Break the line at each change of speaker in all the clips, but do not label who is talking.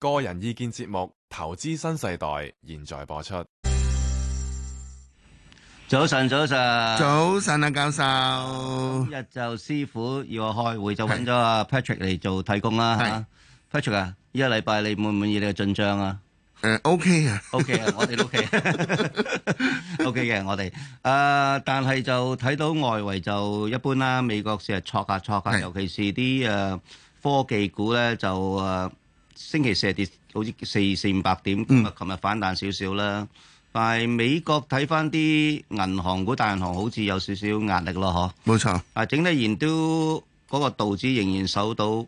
個人意見節目《投資新世代》現在播出。
早晨，早晨，早晨啊，教授，日就師傅要我開會，就揾咗阿 Patrick 嚟做替工啦。Patrick 啊，呢個禮拜你滿唔滿意你嘅進賬啊？誒，OK 啊，OK 啊，我哋 OK，OK 嘅，我哋誒，但係就睇到外圍就一般啦，美國成日挫價，挫價是，尤其是啲誒科技股咧就誒。啊星期四跌好似四四五百點，咁啊、嗯，琴日反彈少少啦。但係美國睇翻啲銀行股、大銀行，好似有少少壓力咯，嗬？冇錯。嗱，整體研都嗰個道指仍然守到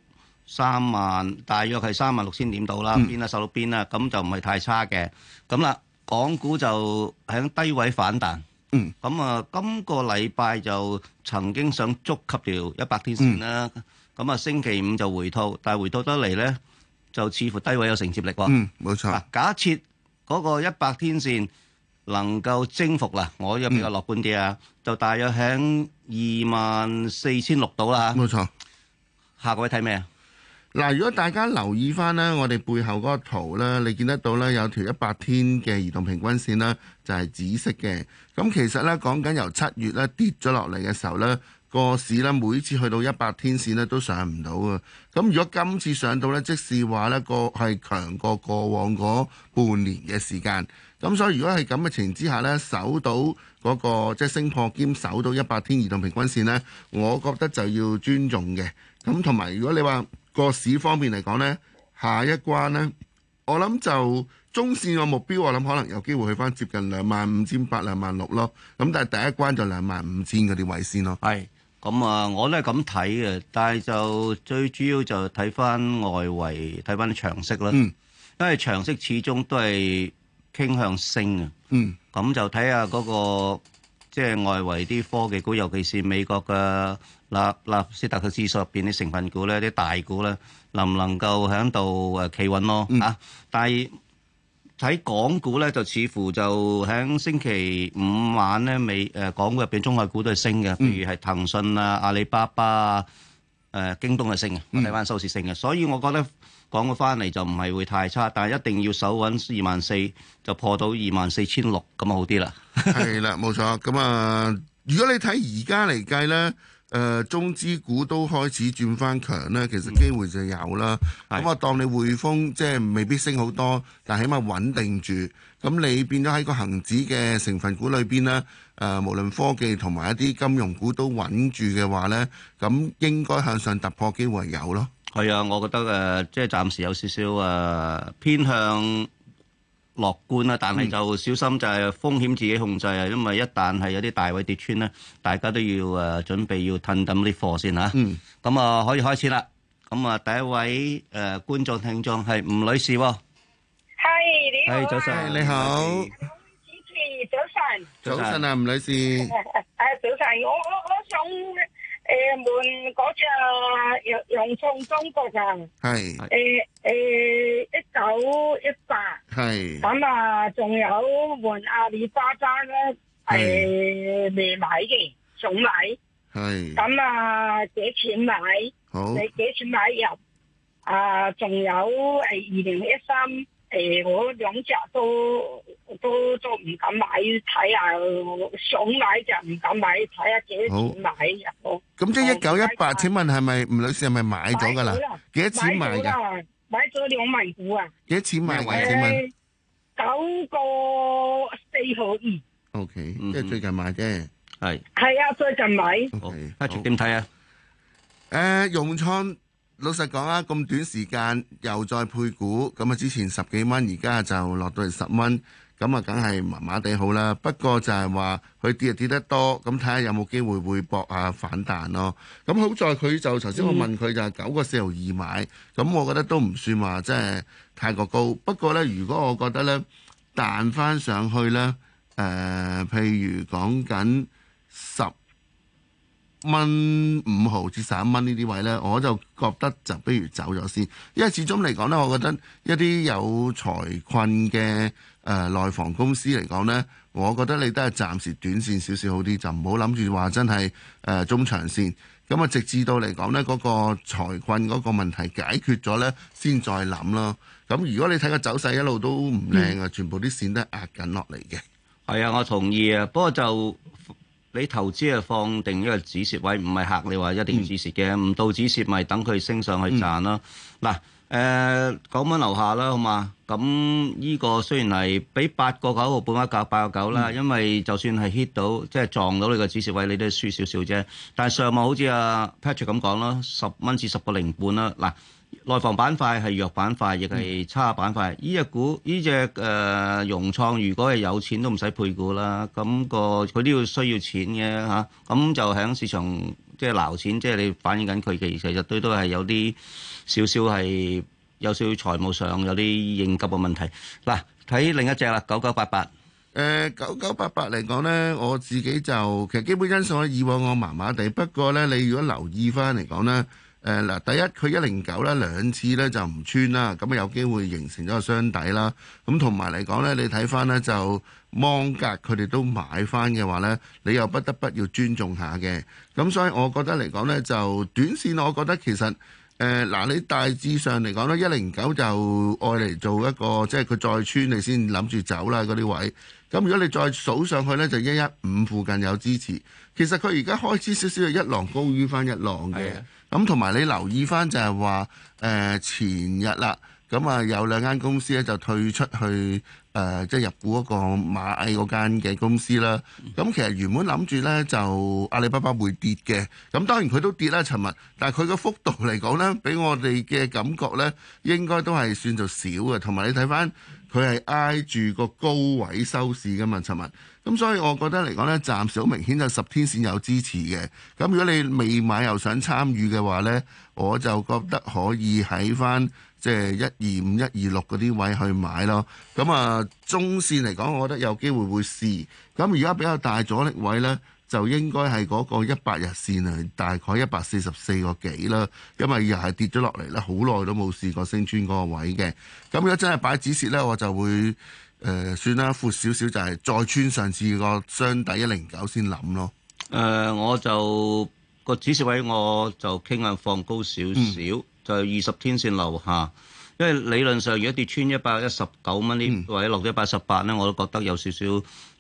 三萬，大約係三萬六千點度啦。邊啊、嗯、守到邊啊？咁就唔係太差嘅。咁啦，港股就喺低位反彈。嗯。咁啊，今個禮拜就曾經想觸及條一百天線啦。咁啊、嗯，嗯、星期五就回吐，但係回吐得嚟咧。就似乎低位有承接力喎。嗯，冇錯。假設嗰個一百天線能夠征服啦，我呢個比較樂觀啲啊，嗯、就大約喺二萬四千六度啦。冇錯。下個位睇咩啊？嗱，如果大家留意翻咧，我哋背
後嗰個圖咧，你見得到咧，有一條一百天嘅移動平均線咧，就係、是、紫色嘅。咁其實咧，講緊由七月咧跌咗落嚟嘅時候咧。個市咧，每次去到一百天線咧都上唔到嘅。咁如果今次上到呢，即係話呢個係強過過往嗰半年嘅時間。咁、嗯、所以如果係咁嘅情況之下呢，守到嗰、那個即係、就是、升破兼守到一百天移動平均線呢，我覺得就要尊重嘅。咁同埋如果你話個市方面嚟講呢，下一關呢，我諗就中線個目標，我諗可能有機會去返接近兩萬五千八兩萬六咯。咁但係第一關就兩萬五千嗰啲位先咯。
係。咁啊，我都係咁睇嘅，但係就最主要就睇翻外圍，睇翻啲長息啦。因為長息始終都係傾向升啊。咁就睇下嗰個即係外圍啲科技股，尤其是美國嘅納納斯達克指數入邊啲成分股咧，啲大股咧，能唔能夠喺度誒企穩咯？啊，但係。睇港股咧，就似乎就喺星期五晚咧，未誒港股入邊，中外股都係升嘅，譬如係騰訊啊、阿里巴巴、誒、京東係升嘅，睇翻收市升嘅，所以我覺得港股翻嚟就唔係會太差，但係一定要守穩二萬四，就破到二萬四千六咁好啲啦。係啦，冇錯。咁啊，如果你睇而家嚟計咧。誒中資
股都開始轉翻強啦，其實機會就有啦。咁啊，當你匯豐即係未必升好多，但係起碼穩定住。咁你變咗喺個恆指嘅成分股裏邊咧，誒無論科技同埋一啲金融股都穩住嘅話咧，咁應該向上突破機會有咯。
係啊，我覺得誒即係暫時有少少誒偏向。樂觀啦，但係就小心就係風險自己控制啊！因為一旦係有啲大位跌穿咧，大家都要誒準備要吞冧啲貨先嚇。咁啊，可以開始啦。咁啊，第一位誒觀眾聽眾係吳女士喎。
係你好。係早晨，你好。主
持早晨。早晨啊，吳女士。
誒早晨，我我我想。誒，換嗰隻融創中國啊，係誒誒，一九一八，係咁啊，仲有換阿里巴巴咧，係未買嘅，想買，係咁啊，幾錢買？好，你幾錢買入？啊，仲有係二零一三。誒，我兩
隻都都都唔敢買睇下，想買就唔敢買睇下，幾多錢買啊？好。咁即係一九一八，請問
係咪吳女士係咪買咗噶啦？
幾多錢買噶？買咗兩萬股
啊？幾多錢買？誒，九個四毫二。
OK，即係最近買啫，係。
係啊，最近買。
好，阿卓點睇啊？誒，融創。老實講啊，咁短時間又再配股，咁啊之前十幾蚊，而家就落到嚟十蚊，咁啊梗係麻麻地好啦。不過就係話佢跌就跌得多，咁睇下有冇機會會搏下反彈咯。咁好在佢就頭先、嗯、我問佢就係九個四毫二買，咁我覺得都唔算話即係太過高。不過呢，如果我覺得呢彈翻上去呢，誒、呃，譬如講緊十。蚊五毫至十一蚊呢啲位呢，我就覺得就不如走咗先，因為始終嚟講呢，我覺得一啲有財困嘅誒、呃、內房公司嚟講呢，我覺得你都係暫時短線少少好啲，就唔好諗住話真係誒、呃、中長線。咁啊，直至到嚟講呢，嗰、那個財困嗰個問題解決咗呢，先再諗咯。咁如果你睇個走勢一路都唔靚啊，嗯、全部啲線都壓緊落嚟嘅，
係啊，我同意啊，不過就。你投資係放定一個止蝕位，唔係嚇你話一定要止蝕嘅，唔、嗯、到止蝕咪等佢升上去賺啦。嗱、嗯，誒九蚊樓下啦，好嘛？咁呢個雖然係畀八個九個半一價八個九啦，嗯、因為就算係 hit 到，即、就、係、是、撞到你個止蝕位，你都輸少少啫。但係上網好似阿、啊、Patrick 咁講啦，十蚊至十個零半啦，嗱。內房板塊係弱板塊，亦係差板塊。呢隻、嗯、股，呢隻誒融創，如果係有錢都唔使配股啦。咁、那個佢都要需要錢嘅嚇。咁、啊、就喺市場即係撈錢，即係你反映緊佢其實日日都都係有啲少少係有少少財務上有啲應急嘅問題。嗱、啊，睇另一隻啦、呃，九九八八。誒，九九八八嚟
講咧，我自己就其實基本因素咧，以往我麻麻地。不過咧，你如果留意翻嚟講咧。誒嗱，第一佢一零九咧兩次咧就唔穿啦，咁啊有機會形成咗個箱底啦。咁同埋嚟講咧，你睇翻咧就芒格佢哋都買翻嘅話咧，你又不得不要尊重下嘅。咁所以我覺得嚟講咧，就短線我覺得其實誒嗱、呃，你大致上嚟講咧一零九就愛嚟做一個，即係佢再穿你先諗住走啦嗰啲位。咁如果你再數上去咧，就一一五附近有支持。其實佢而家開始少少係一浪高於翻一浪嘅。咁同埋你留意翻就係話，誒、呃、前日啦，咁啊有兩間公司咧就退出去誒，即、呃、係、就是、入股嗰個螞蟻嗰間嘅公司啦。咁其實原本諗住呢，就阿里巴巴會跌嘅，咁當然佢都跌啦，尋日。但係佢個幅度嚟講呢，俾我哋嘅感覺呢，應該都係算作少嘅。同埋你睇翻。佢係挨住個高位收市㗎嘛，尋日，咁所以我覺得嚟講呢，暫時好明顯就十天線有支持嘅。咁如果你未買又想參與嘅話呢，我就覺得可以喺返即係一二五一二六嗰啲位去買咯。咁啊，中線嚟講，我覺得有機會會試。咁而家比較大阻力位呢，就應該係嗰個一百日線啊，大概一百四十四個幾啦，因為又係跌咗落嚟咧，好耐都冇試過升穿嗰個位嘅。咁、嗯、如果真係擺止蝕咧，我就會誒、呃、算啦，闊少少就係、是、再穿上次個雙底一零九先諗咯。
誒、呃，我就、那個止蝕位我就傾向放高少少，嗯、就二十天線樓下。即係理論上，如果跌穿一百一十九蚊呢，嗯、或者落咗一百一十八呢，我都覺得有少少，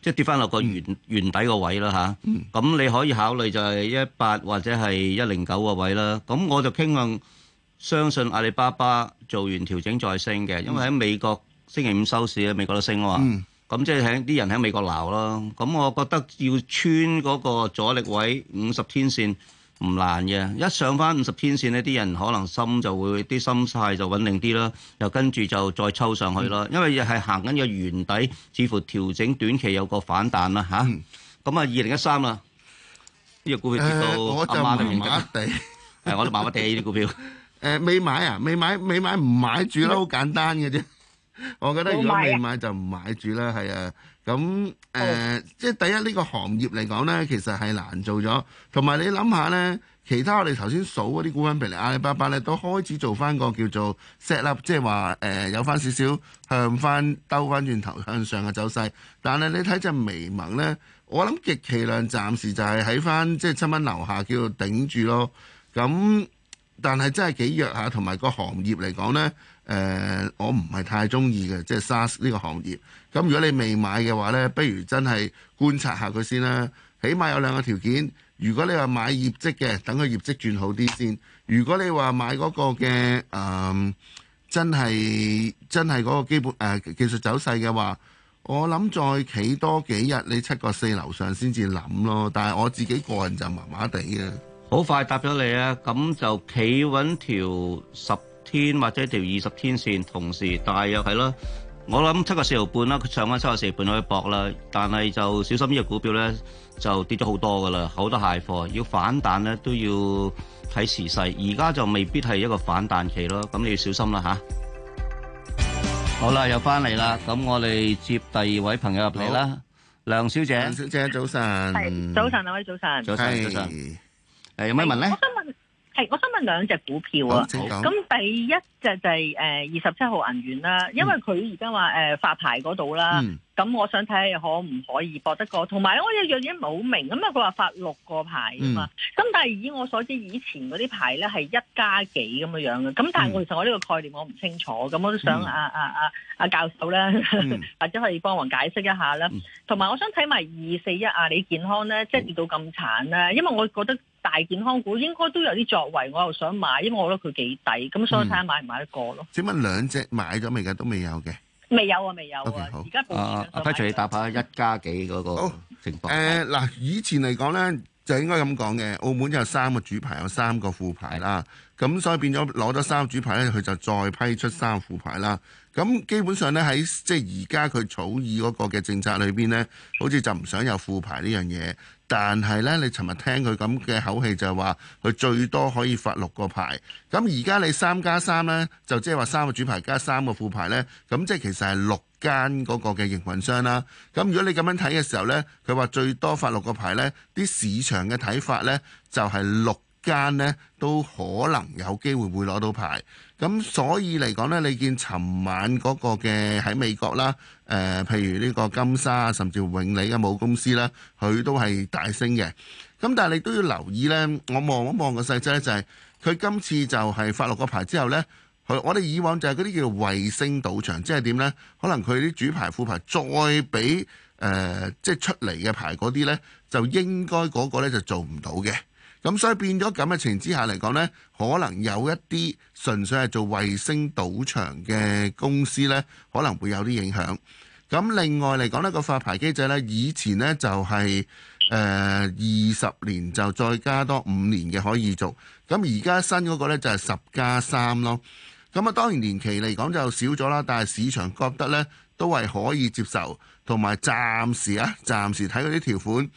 即係跌翻落個原原底個位啦吓，咁、啊嗯、你可以考慮就係一八或者係一零九個位啦。咁我就傾向相信阿里巴巴做完調整再升嘅，因為喺美國星期五收市咧，美國都升啊嘛。咁、嗯、即係喺啲人喺美國鬧咯。咁我覺得要穿嗰個阻力位五十天線。唔難嘅，一上返五十天線呢，啲人可能心就會啲心態就穩定啲啦，又跟住就再抽上去咯。因為又係行緊個原底，似乎調整短期有個反彈啦嚇。咁啊，二零一三啦，呢個股票跌到阿媽咁樣。誒，我就麻麻
地，係我都麻麻地呢啲股票。誒，未買啊？未買？未買？唔買住啦，好簡單嘅啫。我覺得如果未買就唔買住啦，係啊，咁誒，呃 oh. 即係第一呢個行業嚟講呢，其實係難做咗。同埋你諗下呢，其他我哋頭先數嗰啲股份，譬如阿里巴巴呢，都開始做翻個叫做 set，up，即係話誒有翻少少向翻兜翻轉頭向上嘅走勢。但係你睇隻微盟呢，我諗極其量暫時就係喺翻即係七蚊樓下叫做頂住咯。咁但係真係幾弱下，同埋個行業嚟講呢。誒、呃，我唔係太中意嘅，即係 SaaS 呢個行業。咁如果你未買嘅話呢，不如真係觀察下佢先啦。起碼有兩個條件。如果你話買業績嘅，等佢業績轉好啲先。如果你話買嗰個嘅誒、呃，真係真係嗰個基本誒、呃、技術走勢嘅話，我諗再企多幾日，你七個四樓上先至諗咯。但係我自己個人就麻麻地啊。
好快答咗你啊！咁就企穩條十。天或者一條二十天線，同時大約係咯。我諗七個四毫半啦，佢上翻七個四毫半可以搏啦。但係就小心呢個股票咧，就跌咗好多噶啦，好多蟹貨。要反彈咧，都要睇時勢。而家就未必係一個反彈期咯。咁你要小心啦吓，啊、好啦，又翻嚟啦。咁我哋接第二位朋友入嚟啦，好梁小姐。梁小姐早晨。早晨，
各位早晨。早晨，早
晨。誒是有咩問咧？
係，我想問兩隻股票啊，咁、嗯、第一隻就係誒二十七號銀娛啦，因為佢而家話誒發牌嗰度啦，咁、嗯、我想睇下可唔可以博得過，同埋我有樣嘢冇明，咁啊佢話發六個牌啊嘛，咁、嗯、但係以我所知以前嗰啲牌咧係一加幾咁樣樣嘅，咁但係其實我呢個概念我唔清楚，咁我都想阿阿阿阿教授咧，嗯、 或者可以幫忙解釋一下啦。同埋、嗯、我想睇埋二四一阿里健康咧，即係跌到咁慘啦，因為我覺得。大
健康股應該都有啲作為，我又想買，因為我
覺得佢幾抵，咁、嗯、所以睇下
買唔買得過咯。只問兩隻買咗未？噶都未有嘅，未有啊，未有啊。O、okay, K，好。阿 Patrick、啊、你答一下一加幾嗰個，個情況。誒嗱，呃、是以前嚟講咧，就應該咁講嘅。澳門有三個主牌，有三個副牌啦。咁所以變咗攞咗三個主牌咧，佢就再批出三個副牌啦。咁、嗯、基本上咧喺即係而家佢草擬嗰個嘅政策裏邊咧，好似就唔想有副牌呢樣嘢。但係呢，你尋日聽佢咁嘅口氣就係話，佢最多可以發六個牌。咁而家你三加三呢，就即係話三個主牌加三個副牌呢。咁即係其實係六間嗰個嘅營運商啦。咁如果你咁樣睇嘅時候呢，佢話最多發六個牌呢，啲市場嘅睇法呢，就係六間呢都可能有機會會攞到牌。咁所以嚟講呢，你見尋晚嗰個嘅喺美國啦，誒、呃，譬如呢個金沙甚至永利嘅母公司啦，佢都係大升嘅。咁但係你都要留意呢，我望一望個細則呢，就係佢今次就係發落個牌之後呢，佢我哋以往就係嗰啲叫衞星賭場，即係點呢？可能佢啲主牌副牌再俾誒、呃，即係出嚟嘅牌嗰啲呢，就應該嗰個呢就做唔到嘅。咁所以變咗咁嘅情之下嚟講呢，可能有一啲純粹係做衞星賭場嘅公司呢，可能會有啲影響。咁另外嚟講呢，個發牌機制呢，以前呢就係誒二十年就再加多五年嘅可以做，咁而家新嗰個呢就係十加三咯。咁啊當然年期嚟講就少咗啦，但係市場覺得呢都係可以接受，同埋暫時啊，暫時睇嗰啲條款。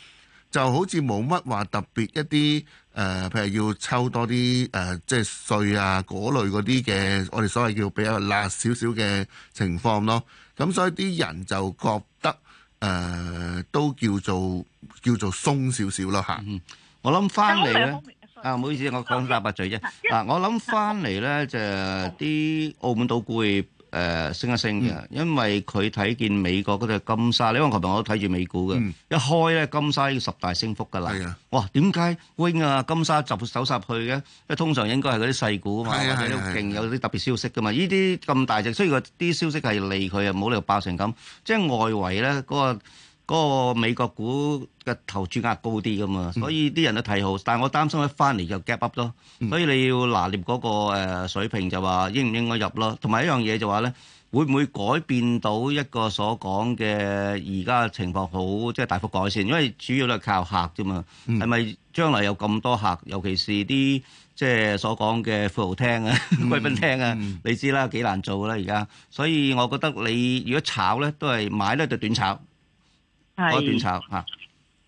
就好似冇乜話特別一啲誒，譬如要抽多啲誒，即係稅啊嗰類嗰啲嘅，我哋所謂叫比較辣少少嘅情況咯。咁所以啲人就覺得誒都叫做
叫做鬆少少咯嚇。我諗翻嚟咧啊，唔好意思，我講曬八句啫。嗱，我諗翻嚟咧就係啲澳門賭業，誒升一升嘅，因為佢睇見美國嗰隻金沙，因為琴日我都睇住美股嘅，嗯、一開咧金沙已經十大升幅㗎啦，啊、哇點解 Win 啊金沙集手殺去嘅？因為通常應該係嗰啲細股啊嘛，或者啲勁有啲特別消息㗎嘛，呢啲咁大隻，雖然啲消息係利佢啊，冇理由爆成咁，即係外圍咧嗰個。嗰個美國股嘅投注額高啲噶嘛，所以啲人都睇好，但係我擔心一翻嚟就 gap up 咯，所以你要拿捏嗰個誒水平就話應唔應該入咯，同埋一樣嘢就話咧，會唔會改變到一個所講嘅而家嘅情況好，即係大幅改善？因為主要都係靠客啫嘛，係咪將來有咁多客，尤其是啲即係所講嘅富豪廳啊、貴賓廳啊，你知啦，幾難做啦而家，所以我覺得你如果炒咧，都係買咧就短炒。係，
我點炒吓？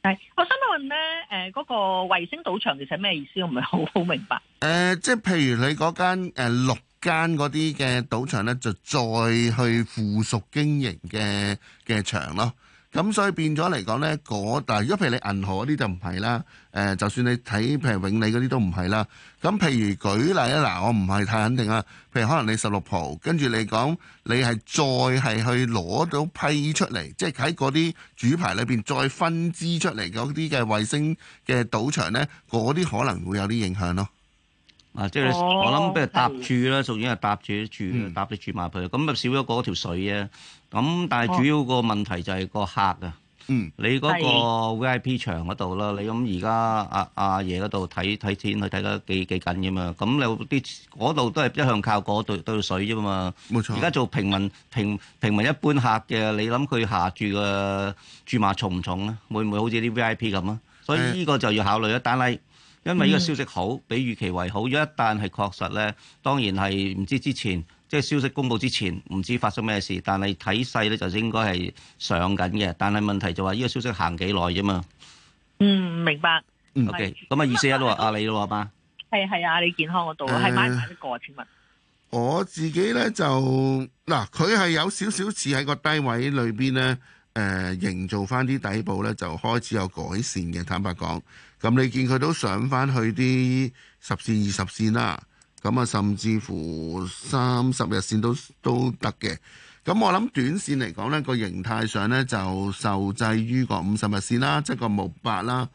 係，我想問咧，誒、呃，嗰個衛星賭場其實咩意思？呃、我唔係好好明白。
誒、呃，即係譬如你嗰間誒六間嗰啲嘅賭場咧，就再去附屬經營嘅嘅場咯。咁所以變咗嚟講咧，嗰但係如果譬如你銀河嗰啲就唔係啦，誒、呃、就算你睇譬如永利嗰啲都唔係啦。咁譬如舉例啊，嗱我唔係太肯定啊。譬如可能你十六浦，跟住你講你係再係去攞到批出嚟，即係喺嗰啲主牌裏邊再分支出嚟嗰啲嘅衞星嘅賭場咧，嗰啲可能會有啲影響咯。
啊！即係、哦、我諗，不如搭住啦，屬於係搭住啲住，搭啲住埋配，咁就、嗯、少咗嗰條水啊！咁但係主要個問題就係、嗯、個客啊，你嗰個 VIP 場嗰度啦，你諗而家阿阿爺嗰度睇睇錢，佢睇得幾幾緊咁嘛？咁你啲嗰度都係一向靠嗰、那、對、個、水啫嘛。冇錯。而家做平民平平民一般客嘅，你諗佢下注嘅注碼重唔重咧？會唔會好似啲 VIP 咁啊？的所以呢個就要考慮一單啦。因為呢個消息好，比預期為好。一旦係確實咧，當然係唔知之前即係消息公佈之前唔知發生咩事，但係睇勢咧就應該係上緊嘅。但係問題就話呢個消息行幾耐啫嘛？嗯，明白。OK，咁啊二四一喎，阿李老阿媽係係啊，你健康嗰度啊，係買
埋一個千萬。
我自己咧就嗱，佢係有少少似喺個低位裏邊咧，誒、呃，營造翻啲底部咧，就開始有改善嘅。坦白講。咁你見佢都上翻去啲十線、二十線啦，咁啊甚至乎三十日線都都得嘅。咁我諗短線嚟講呢、呢個形態上呢，就受制於個五十日線啦，即係個五百啦。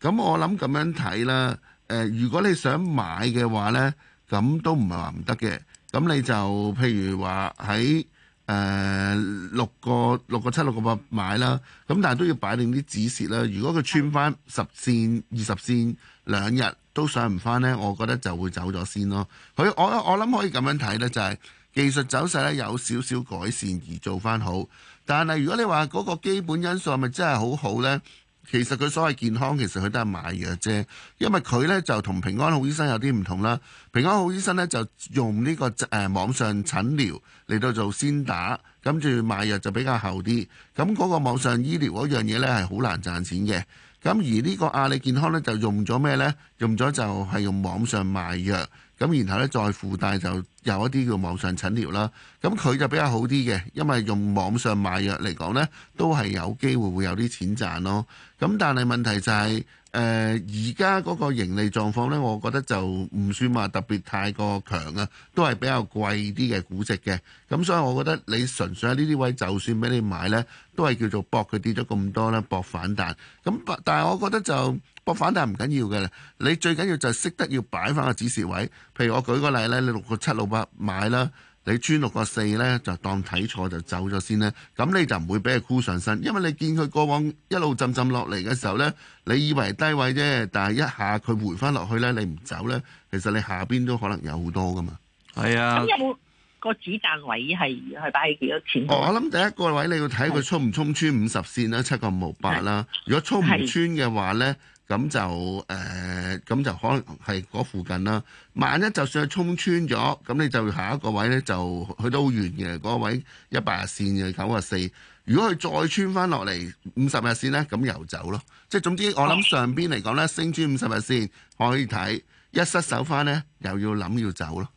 咁我諗咁樣睇啦。誒、呃，如果你想買嘅話呢，咁都唔係話唔得嘅。咁你就譬如話喺，誒六、呃、個六個七六個八買啦，咁但係都要擺定啲止蝕啦。如果佢穿翻十線二十線兩日都上唔翻呢，我覺得就會走咗先咯。佢我我諗可以咁樣睇呢，就係、是、技術走勢呢有少少改善而做翻好，但係如果你話嗰個基本因素係咪真係好好呢？其實佢所謂健康，其實佢都係賣藥啫。因為佢呢就同平安好醫生有啲唔同啦。平安好醫生呢就用呢、這個誒、呃、網上診療嚟到做先打，跟住賣藥就比較厚啲。咁嗰個網上醫療嗰樣嘢呢係好難賺錢嘅。咁而呢個阿里健康呢就用咗咩呢？用咗就係用網上賣藥，咁然後呢，再附帶就。有一啲叫網上診療啦，咁佢就比較好啲嘅，因為用網上買藥嚟講呢，都係有機會會有啲錢賺咯。咁但係問題就係、是，誒而家嗰個盈利狀況呢，我覺得就唔算話特別太過強啊，都係比較貴啲嘅估值嘅。咁所以我覺得你純粹喺呢啲位就算俾你買呢，都係叫做搏佢跌咗咁多呢搏反彈。咁但係我覺得就。我反彈唔緊要嘅，你最緊要就識得要擺翻個指示位。譬如我舉個例咧，你六個七六八買啦，你穿六個四咧，就當睇錯就走咗先啦。咁你就唔會俾佢箍上身，因為你見佢過往一路浸浸落嚟嘅時候咧，你以為低位啫，但係一下佢回翻落去咧，你唔走咧，其實你下邊都可能有好多噶嘛。係啊。咁有冇
個指彈位係係擺
幾
多錢？我我諗第一個位你要睇佢衝唔衝穿五十線啦，七個五八啦。如果衝唔穿嘅話咧。咁就誒，咁、呃、就可能係嗰附近啦。萬一就算係衝穿咗，咁你就下一個位呢，就去到好遠嘅。嗰個、位一百日線嘅九啊四，94，如果佢再穿翻落嚟五十日線呢，咁又走咯。即係總之，我諗上邊嚟講呢，升穿五十日線，可以睇一失手翻呢，
又要諗要走咯。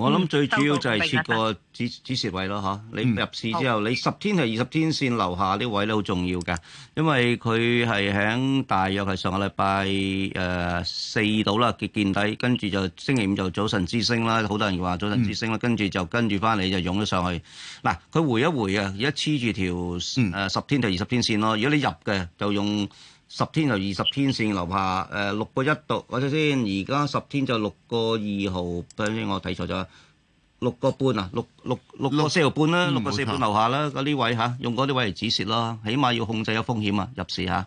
我諗、嗯、最主要就係設個止止蝕位咯，嚇、嗯、你入市之後，好你十天係二十天線留下呢位咧，好重要嘅，因為佢係喺大約係上個禮拜誒四度啦，見見底，跟住就星期五就早晨之星啦，好多人話早晨之星啦，跟住、嗯、就跟住翻嚟就湧咗上去嗱，佢回一回啊，而家黐住條誒十天定二十天線咯。如果你入嘅就用。十天就二十天線留下，誒六個一度，或者先。而家十天就六個二毫，等先，我睇錯咗。六個半啊，六六六個四毫半啦，六個四半留下啦。嗰啲位嚇，用嗰啲位嚟止蝕咯，起碼要控制有風險啊，入市嚇。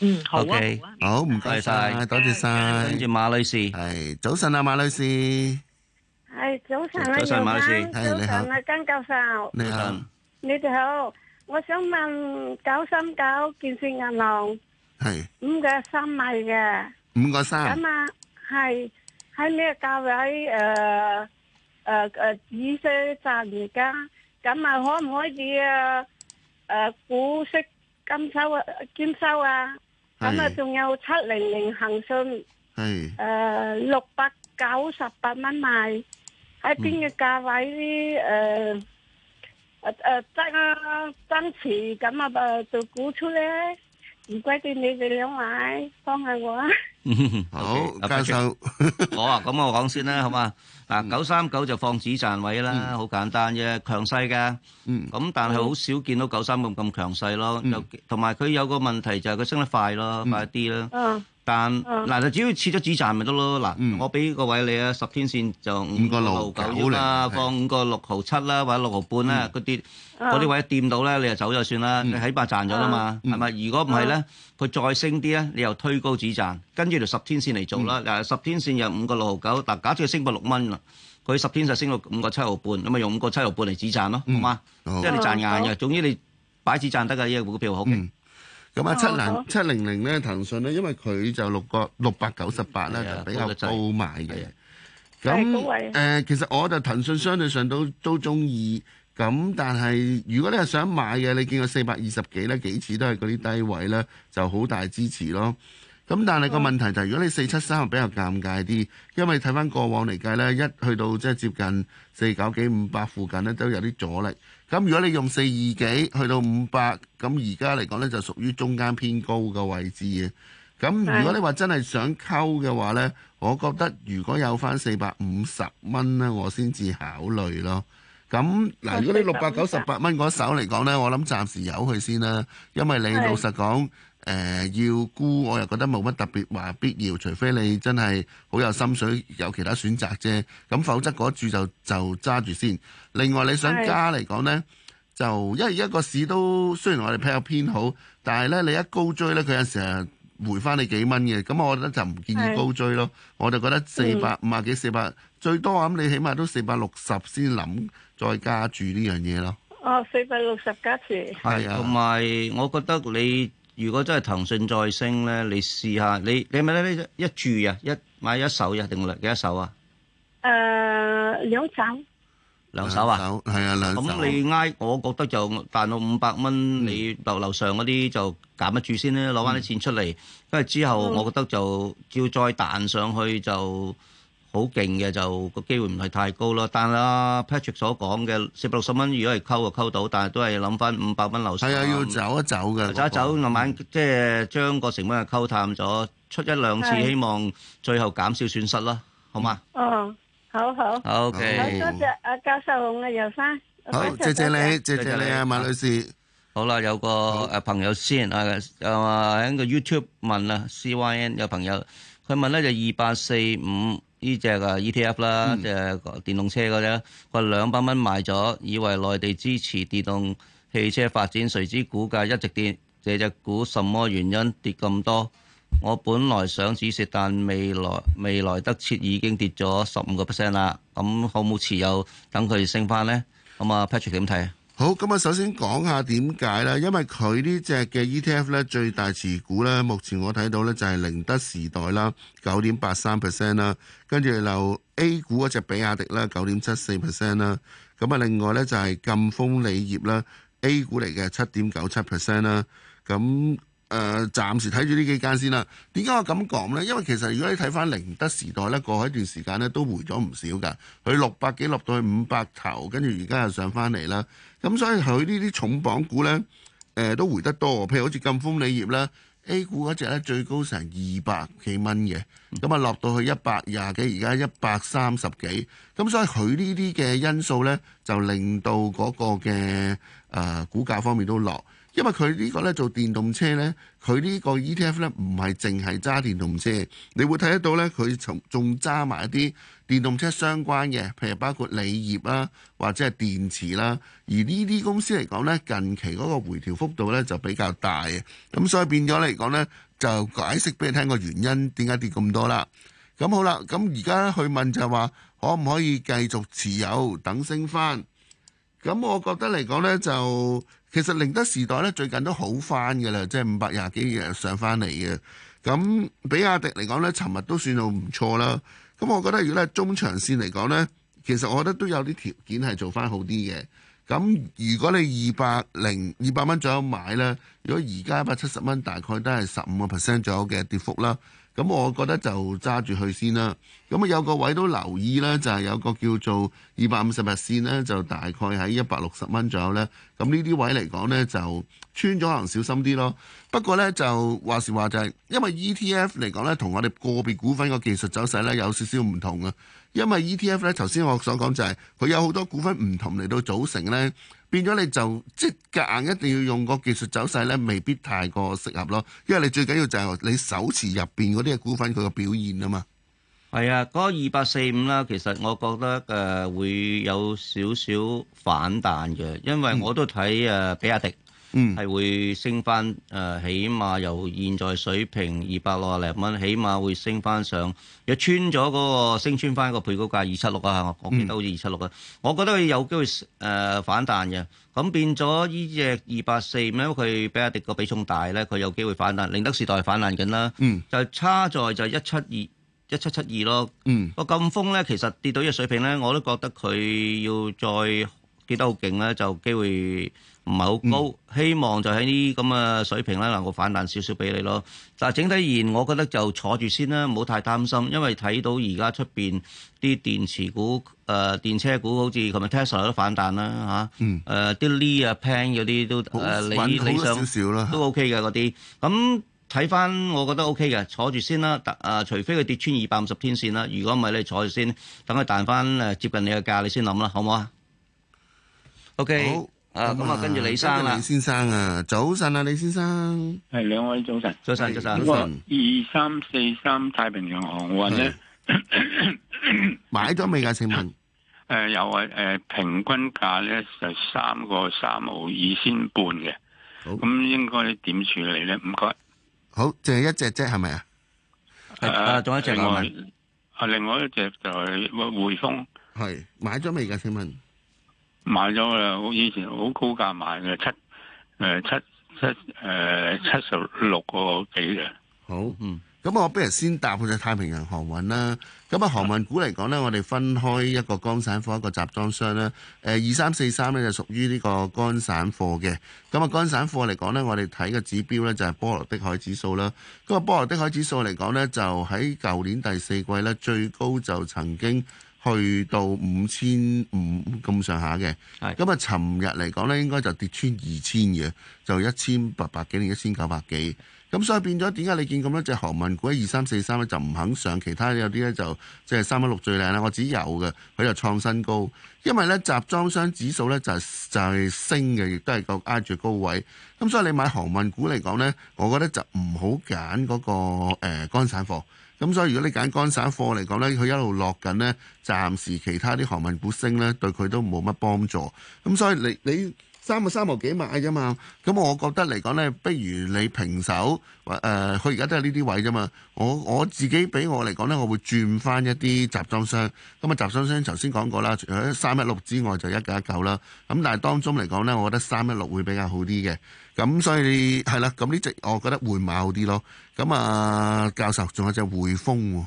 嗯，好
啊。O K，好，唔該晒。多謝晒，跟住馬女士，係早晨啊，馬女士。係早晨
啊，馬女士，
早晨啊，曾教
授。你
好。你哋好，我想問九三九建設銀行。係五個三賣嘅
五個三咁
啊，係喺咩價位？誒誒誒紫色賺而家咁啊，可唔可以啊誒，股息兼收啊兼收啊，咁啊，仲有七零零騰訊係誒六百九十八蚊賣喺邊嘅價位？誒誒增增持，咁啊，就股出咧。
唔歸結你哋兩位，幫下我啊！好，教授 Okay, okay. 家修，我啊，咁我講先啦，好嘛？嗱，九三九就放止賺位啦，好 簡單啫，強勢嘅，咁 但係好少見到九三九咁強勢咯，同埋佢有個問題就係佢升得快咯， 快一啲啦。 嗱，就只要切咗止賺咪得咯？嗱，我俾個位你啊，十天線就五個六毫九啦，放五個六毫七啦，或者六毫半啦，嗰啲嗰啲位掂到咧，你就走咗算啦。你起碼賺咗啦嘛，係咪？如果唔係咧，佢再升啲咧，你又推高止賺，跟住條十天線嚟做啦。嗱，十天線有五個六毫九，嗱，假設佢升到六蚊啦，佢十天就升到五個七毫半，咁咪用五個七毫半嚟止賺咯，好嘛？即係你賺硬嘅，總之你擺止賺得㗎，呢個股票好嘅。咁啊，嗯嗯、七零七
零零咧，騰訊咧，因為佢就六個六百九十八咧，就、嗯、比較高買嘅。咁誒，其實我就騰訊相對上都都中意。咁但係，如果你係想買嘅，你見過四百二十幾咧，幾次都係嗰啲低位咧，就好大支持咯。咁但係個問題就係、是，如果你四七三係比較尷尬啲，因為你睇返過往嚟計咧，一去到即係接近四九幾五百附近咧，都有啲阻力。咁如果你用四二幾去到五百，咁而家嚟講呢，就屬於中間偏高嘅位置嘅。咁如果你話真係想溝嘅話呢，我覺得如果有翻四百五十蚊呢，我先至考慮咯。咁嗱，如果你六百九十八蚊嗰手嚟講呢，我諗暫時有佢先啦，因為你老實講。誒、呃、要沽，我又覺得冇乜特別話必要，除非你真係好有心水，有其他選擇啫。咁否則嗰注就就揸住先。另外你想加嚟講呢，是就因為一個市都雖然我哋比較偏好，但係呢，你一高追呢，佢有時係回翻你幾蚊嘅。咁我覺得就唔建議高追咯。是我就覺得四百五十幾四百最多啊，咁你起碼都四百六十先諗再加住呢樣嘢咯。哦，
四百六十加住，
係啊、哎呀，同埋我覺得你。如果真係騰訊再升咧，你試下你你咪咧一注啊，一買一手一定幾多手啊？
誒兩手，
兩手啊，係啊兩手。咁你挨，我覺得就彈到五百蚊，你樓樓上嗰啲就減一注先咧，攞翻啲錢出嚟，跟住之後我覺得就要再彈上去就。好勁嘅就個機會唔係太高咯，但係 Patrick 所講嘅四百六十蚊，如果係溝嘅溝到，但係都係諗翻五百蚊樓。係啊，要走一走嘅，走一走慢慢即係將個成本嘅溝淡咗，出一兩次，希望最後減少損失啦，好嗎？嗯，
好好。OK，多謝阿教授同阿楊生。好，謝謝
你，謝謝你啊，馬女士。好啦，有個誒朋友先啊，啊喺個 YouTube 問啊，CYN 有朋友佢問咧就二百四五。呢隻啊 ETF 啦，即係電動車嗰隻，佢兩百蚊買咗，以為內地支持電動汽車發展，誰知股價一直跌。這隻股什麼原因跌咁多？我本來想止蝕，但未來未來得切已經跌咗十五個 percent 啦。咁好冇持有，等佢升返呢。咁啊 Patrick 點睇？
好咁啊，首先講下點解咧？因為佢呢隻嘅 ETF 咧，最大持股咧，目前我睇到咧就係寧德時代啦，九點八三 percent，啦，跟住留 A 股嗰隻比亞迪啦，九點七四 percent 啦。咁啊，另外咧就係贛鋒鋰業啦，A 股嚟嘅七點九七 percent 啦。咁誒、呃，暫時睇住呢幾間先啦。點解我咁講呢？因為其實如果你睇翻寧德時代呢，過咗一段時間呢都回咗唔少㗎。佢六百幾落到去五百頭，跟住而家又上翻嚟啦。咁所以佢呢啲重磅股呢、呃，都回得多。譬如好似贛鋒鋰業呢，A 股嗰隻呢，最高成二百幾蚊嘅，咁啊落到去一百廿幾，而家一百三十幾。咁所以佢呢啲嘅因素呢，就令到嗰個嘅誒、呃、股價方面都落。因為佢呢個咧做電動車呢，佢呢個 ETF 呢唔係淨係揸電動車，你會睇得到呢，佢從仲揸埋一啲電動車相關嘅，譬如包括鋰業啦，或者係電池啦。而呢啲公司嚟講呢，近期嗰個回調幅度呢就比較大嘅，咁所以變咗嚟講呢，就解釋俾你聽個原因點解跌咁多啦。咁好啦，咁而家去問就話可唔可以繼續持有等升返？咁我覺得嚟講呢，就。其實寧德時代咧最近都好翻嘅啦，即係五百廿幾日上翻嚟嘅。咁比亞迪嚟講呢，尋日都算到唔錯啦。咁我覺得如果咧中長線嚟講呢，其實我覺得都有啲條件係做翻好啲嘅。咁如果你二百零二百蚊左右買呢，如果而家一百七十蚊，大概都係十五個 percent 左右嘅跌幅啦。咁我覺得就揸住去先啦。咁啊有個位都留意呢，就係有個叫做二百五十日線呢，就大概喺一百六十蚊左右呢。咁呢啲位嚟講呢，就穿咗可能小心啲咯。不過呢，就話時話就係，因為 ETF 嚟講呢，同我哋個別股份個技術走勢呢，有少少唔同啊。因為 ETF 呢，頭先我所講就係，佢有好多股份唔同嚟到組成呢，變咗你就即夾硬硬一定要用個技術走勢呢，未必太過適合咯。因為你最緊要就係你手持入邊嗰啲嘅股份佢個表現啊嘛。
係啊，嗰二八四五啦，其實我覺得誒、呃、會有少少反彈嘅。因為我都睇誒比亞迪，嗯，係會升翻誒、呃，起碼由現在水平二百六十零蚊，起碼會升翻上，若穿咗嗰、那個升穿翻個配股價二七六啊，我見得好似二七六啊，我覺得佢有機會誒、呃、反彈嘅。咁變咗呢隻二八四五咧，佢比亞迪個比重大咧，佢有機會反彈，寧德時代反彈緊啦，嗯，就差在就一七二。一七七二咯，個咁風咧，其實跌到呢個水平咧，我都覺得佢要再跌得好勁咧，就機會唔係好高。希望就喺呢咁嘅水平咧，能夠反彈少少俾你咯。但係整體而言，我覺得就坐住先啦，唔好太擔心，因為睇到而家出邊啲電池股、誒電車股，好似琴日 Tesla 都反彈啦，嚇。嗯。誒，啲 Li 啊 Pan 嗰啲都誒理理想都 OK 嘅嗰啲，咁。睇翻，我覺得 OK 嘅，坐住先啦。啊、呃，除非佢跌穿二百五十天線啦。如果唔係，你坐住先，等佢彈翻誒、呃、接近你嘅價，你先諗啦，好唔好啊？O K，好、呃、啊，咁啊跟住李生啦。李先生啊，早晨啊，李先生。
係兩位早晨，早晨早晨。我二
三四三太平洋航運咧
買咗未啊？請問？
誒有位，誒、呃呃呃、平均價咧就三個三毫二仙半嘅。咁應該點處理咧？唔該。
好，淨係一隻啫，係咪啊？
係啊，仲一隻我啊，另外，問另
外一隻就係匯豐，係買咗未噶請問。買咗喇，我以前好
高價買嘅，七誒、呃、七七誒、呃、七十六個幾嘅。
好，嗯。咁我不如先答佢就太平洋航運啦。咁啊，航運股嚟講呢，我哋分開一個乾散貨一個集裝箱啦。誒、呃，二三四三呢就屬於呢個乾散貨嘅。咁啊，乾散貨嚟講呢，我哋睇嘅指標呢就係波羅的海指數啦。咁啊，波羅的海指數嚟講呢，就喺舊年第四季呢，最高就曾經去到五千五咁上下嘅。咁啊的，尋日嚟講呢，應該就跌穿二千嘅，就一千八百幾定一千九百幾。1, 咁所以變咗點解你見咁多隻航運股一二三四三咧就唔肯上，其他有啲咧就即係三一六最靚啦。我只有嘅佢就創新高，因為咧集裝箱指數咧就係就係升嘅，亦都係夠挨住高位。咁所以你買航運股嚟講咧，我覺得就唔好揀嗰個誒乾散貨。咁所以如果你揀乾散貨嚟講咧，佢一路落緊咧，暫時其他啲航運股升咧，對佢都冇乜幫助。咁所以你你。三啊三毫幾買啫嘛，咁我覺得嚟講咧，不如你平手，或、呃、誒，佢而家都係呢啲位啫嘛。我我自己俾我嚟講咧，我會轉翻一啲集裝箱。咁、嗯、啊，集裝箱頭先講過啦，除咗三一六之外就一九一九啦。咁、嗯、但係當中嚟講咧，我覺得三一六會比較好啲嘅。咁、嗯、所以係啦，咁呢隻我覺得換馬好啲咯。咁、嗯、啊，教授仲有隻匯豐、哦。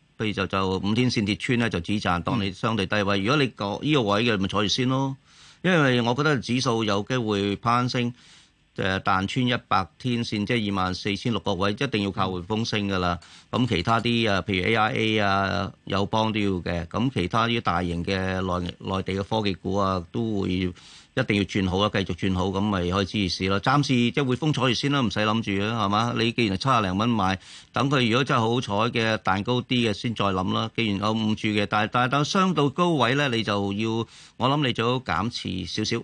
所以就就五天線跌穿咧，就止賺，當你相對低位。嗯、如果你個依個位嘅，咪坐住先咯。因為我覺得指數有機會攀升，誒、就是、彈穿一百天線，即係二萬四千六個位，一定要靠回風升㗎喇。咁其他啲啊，譬如 AIA 啊，友邦都要嘅。咁其他啲大型嘅內內地嘅科技股啊，都會。一定要轉好啦，繼續轉好咁咪開始試咯。暫時即係匯豐坐住先啦，唔使諗住啦，係嘛？你既然七廿零蚊買，等佢如果真係好彩嘅彈高啲嘅，先再諗啦。既然有唔住嘅，但係但係到上到高位咧，你就要我諗你最好減持少少，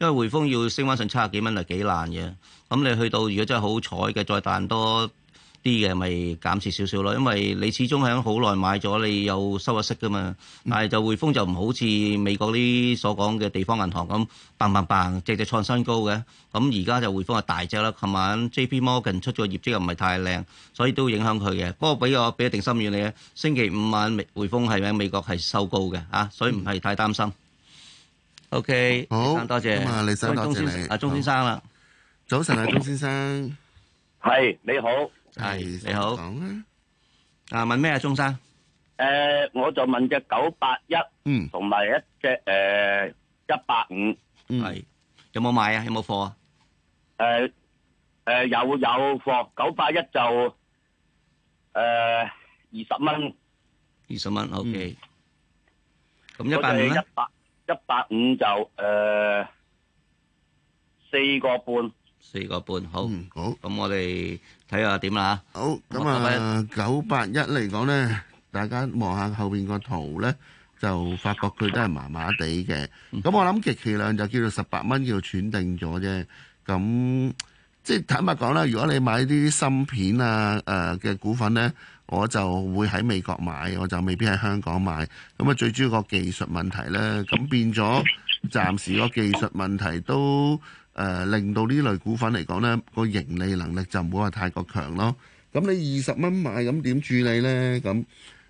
因為匯豐要升翻上七廿幾蚊係幾難嘅。咁你去到如果真係好彩嘅，再彈多。啲嘅咪減持少少咯，因為你始終喺好耐買咗，你有收息息噶嘛。但係就匯豐就唔好似美國啲所講嘅地方銀行咁，bang bang bang 直直創新高嘅。咁而家就匯豐係大隻啦。琴晚 JP Morgan 出咗業績又唔係太靚，所以都影響佢嘅。不過俾我俾一定心願你啊，星期五晚匯豐係喺美國係收高嘅啊，所以唔係太擔心。OK，好，咁啊，李生多謝你，阿鍾先生啦，早晨啊，鍾先生，係你好。係你好，啊問咩啊，鍾生？誒，我就問隻九八一，嗯，同埋一隻誒一百五，係有冇買啊？有冇貨啊？
誒誒有有貨，九八一就誒二十蚊，
二十蚊，O K。咁一百五，一
百一百五就誒四個半。
四個半，好，好，咁我哋睇下點啦嚇。好，咁啊九八一嚟講
咧，大家望下後邊個圖咧，就發覺佢都係麻麻地嘅。咁我諗極其量就叫做十八蚊叫揣定咗啫。咁即係坦白講啦，如果你買啲芯片啊誒嘅股份咧，我就會喺美國買，我就未必喺香港買。咁啊，最主要個技術問題咧，咁變咗，暫時個技術問題都。誒、呃、令到呢類股份嚟講呢個盈利能力就唔會話太過強咯。咁你二十蚊買，咁點處理呢？咁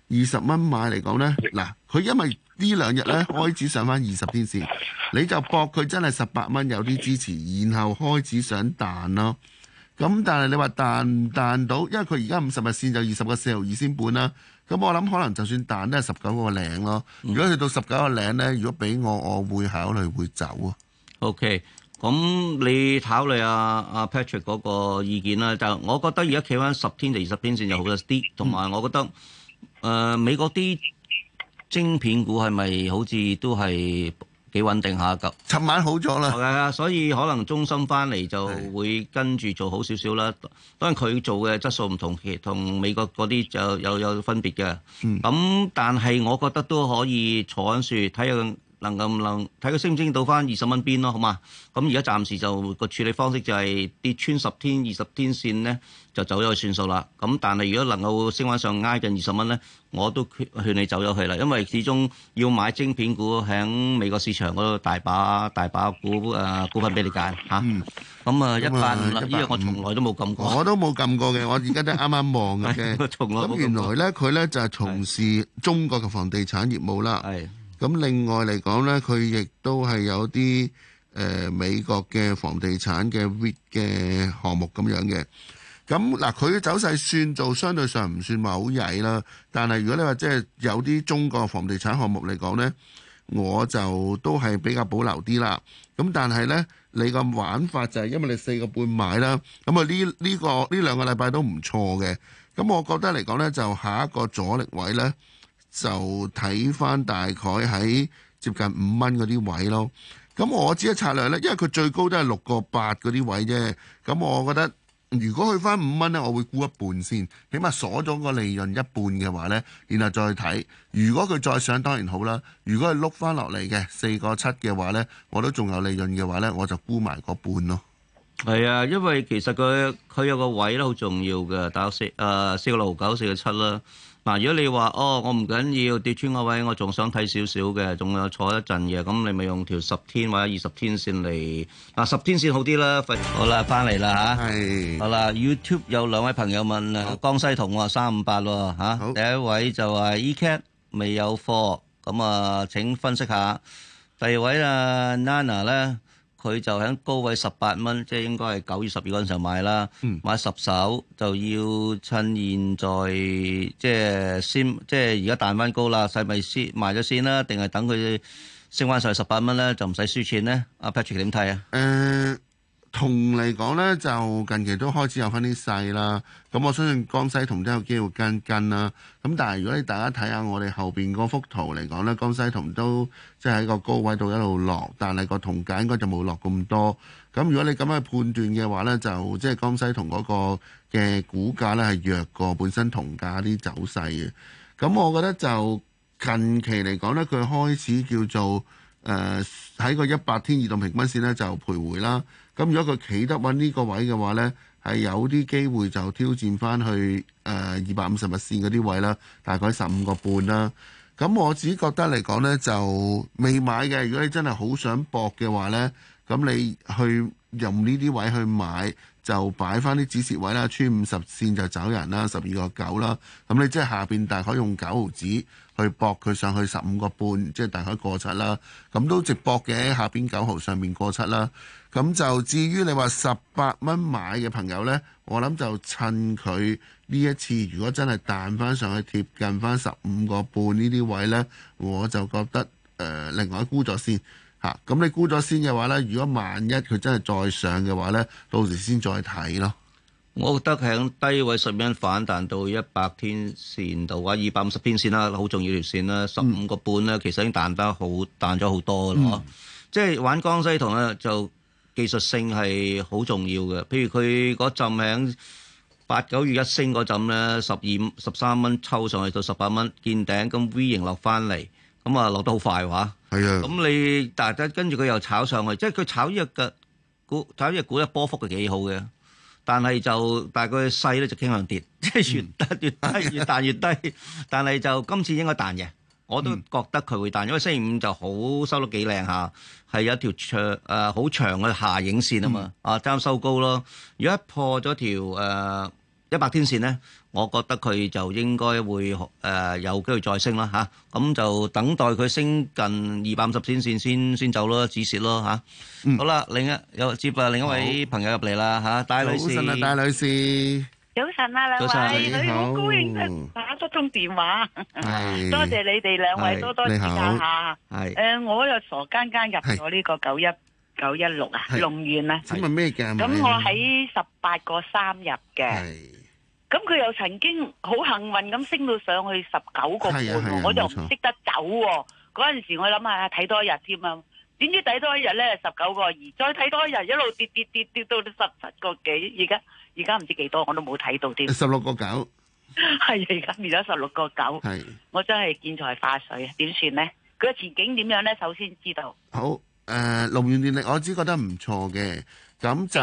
二十蚊買嚟講呢嗱，佢因為兩呢兩日呢開始上翻二十天線，你就搏佢真係十八蚊有啲支持，然後開始上彈咯。咁但係你話彈唔彈到？因為佢而家五十日線就二十個四毫二仙半啦、啊。咁我諗可能就算彈都係十九個零咯。如果去到十九個零呢，如果俾我，我會考慮會走啊。
OK。咁你考慮下、啊、阿、啊、Patrick 嗰個意見啦，就是、我覺得而家企翻十天就二十天先就好咗啲，同埋、嗯、我覺得誒、呃、美國啲晶片股係咪好似都係幾穩定下㗎？尋晚好咗啦，係啊，所以可能中芯翻嚟就會跟住做好少少啦。的當然佢做嘅質素唔同，其同美國嗰啲就有有分別嘅。咁、嗯、但係我覺得都可以坐喺度睇下。看看能夠唔能睇佢升唔升到翻二十蚊邊咯，好嘛？咁而家暫時就個處理方式就係跌穿十天、二十天線咧，就走咗去算數啦。咁但係如果能夠升翻上挨近二十蚊咧，我都勸勸你走咗去啦。因為始終要買晶片股，喺美國市場嗰度大把大把股啊股份俾你揀吓。咁啊，一百五啦，呢樣我從來都冇撳過，我都冇撳過嘅。我而家都啱啱望嘅，從來冇。咁原來咧，佢
咧就係從事中國嘅房地產業務啦。咁另外嚟講咧，佢亦都係有啲誒美國嘅房地產嘅 REIT 嘅項目咁樣嘅。咁嗱，佢嘅走勢算做相對上唔算話好曳啦。但係如果你話即係有啲中國房地產項目嚟講咧，我就都係比較保留啲啦。咁但係咧，你個玩法就係因為你四個半買啦。咁啊，呢呢個呢兩個禮拜都唔錯嘅。咁我覺得嚟講咧，就下一個阻力位咧。就睇翻大概喺接近五蚊嗰啲位咯。咁我自己策略呢，因為佢最高都係六個八嗰啲位啫。咁我覺得，如果去翻五蚊呢，我會沽一半先，起碼鎖咗個利潤一半嘅話呢，然後再睇。如果佢再上，當然好啦。如果係碌翻落嚟嘅四個七嘅話呢，我都仲有利潤嘅話呢，我就沽埋嗰半咯。
係啊，因為其實佢佢有個位都好重要嘅，打四啊，四個六九四個七啦。4. 69, 4. 嗱，如果你話哦，我唔緊要跌穿嗰位，我仲想睇少少嘅，仲有坐一陣嘅，咁你咪用條十天或者二十天線嚟，嗱、啊、十天線好啲啦。好啦，翻嚟啦嚇，啊、是好啦，YouTube 有兩位朋友問好啊，江西同我三五八喎嚇，好第一位就話 Ecat 未有貨，咁啊請分析下，第二位啊 Nana 咧。佢就喺高位十八蚊，即係應該係九月十二嗰陣時候買啦，嗯、買十手就要趁現在，即係先，即係而家彈翻高啦，使咪先賣咗先啦，定係等佢升翻上去十八蚊咧，就唔使輸錢咧？阿 Patrick 點睇啊？嗯。
銅嚟講呢就近期都開始有翻啲勢啦。咁我相信江西銅都有機會跟跟啦。咁但係如果你大家睇下我哋後邊嗰幅圖嚟講呢，江西銅都即係喺個高位度一路落，但係個銅價應該就冇落咁多。咁如果你咁樣去判斷嘅話呢，就即係江西銅嗰個嘅股價呢係弱過本身銅價啲走勢嘅。咁我覺得就近期嚟講呢佢開始叫做誒喺、呃、個一百天移動平均線呢就徘徊啦。咁如果佢企得穩呢個位嘅話呢係有啲機會就挑戰返去誒二百五十日線嗰啲位啦，大概十五個半啦。咁我自己覺得嚟講呢就未買嘅。如果你真係好想搏嘅話呢咁你去任呢啲位去買，就擺翻啲止蝕位啦，穿五十線就走人啦，十二個九啦。咁你即係下邊大概用九毫紙。去搏佢上去十五個半，即係大概過七啦，咁都直搏嘅。下邊九毫，上面過七啦。咁就至於你話十八蚊買嘅朋友呢，我諗就趁佢呢一次，如果真係彈翻上去貼近翻十五個半呢啲位呢，我就覺得誒、呃，另外沽咗先嚇。咁、啊、你沽咗先嘅話呢，如果萬一佢真係再上嘅話呢，到時先再
睇咯。我覺得喺低位十蚊反彈到一百天線度話二百五十天線啦，好重要條線啦，十五個半咧，其實已經彈得好彈咗好多咯，嗯、即係玩江西銅啊就技術性係好重要嘅。譬如佢嗰陣喺八九月一升嗰陣咧，十二十三蚊抽上去到十八蚊見頂，咁 V 型落翻嚟，咁啊落得好快話。係啊的，咁你大家跟住佢又炒上去，即係佢炒呢隻嘅股炒呢隻股一波幅係幾好嘅。但係就大概細咧就傾向跌，即係越跌越低，越彈越，越低。 但係就今次應該彈嘅，我都覺得佢會彈，嗯、因為星期五就好收得幾靚下，係有一條長誒好長嘅下影線啊嘛，啊爭、嗯、收高咯。如果一破咗條誒一百、呃、天線咧？我覺得佢就應該會誒有機會再升啦吓，咁就等待佢升近二百五十線線先先走咯，止蝕咯吓。好啦，另一又接啊，另一位朋友入嚟啦吓，戴女士。早晨啊，戴女士。
早晨啊，兩位你好。好高興打咗通電話，多謝你哋兩位多多指教下。係。誒，我又傻更更入咗呢個九一九一六啊，龍源啊。
請問咩噶？咁我
喺十八個三入嘅。咁佢又曾經好幸運咁升到上去十九個半、哦，啊啊、我又唔識得走喎、哦。嗰陣時我諗下睇多一日添啊，點知睇多一日咧十九個二，2, 再睇多一日一路跌跌跌跌到十七個幾，而家而家唔知幾多我都冇睇到啲
十六個九，
係而家變咗十六個九，係我真係見財化水啊！點算咧？佢嘅前景點樣咧？首先知道
好誒、呃、龍源電力，我只覺得唔錯嘅。咁就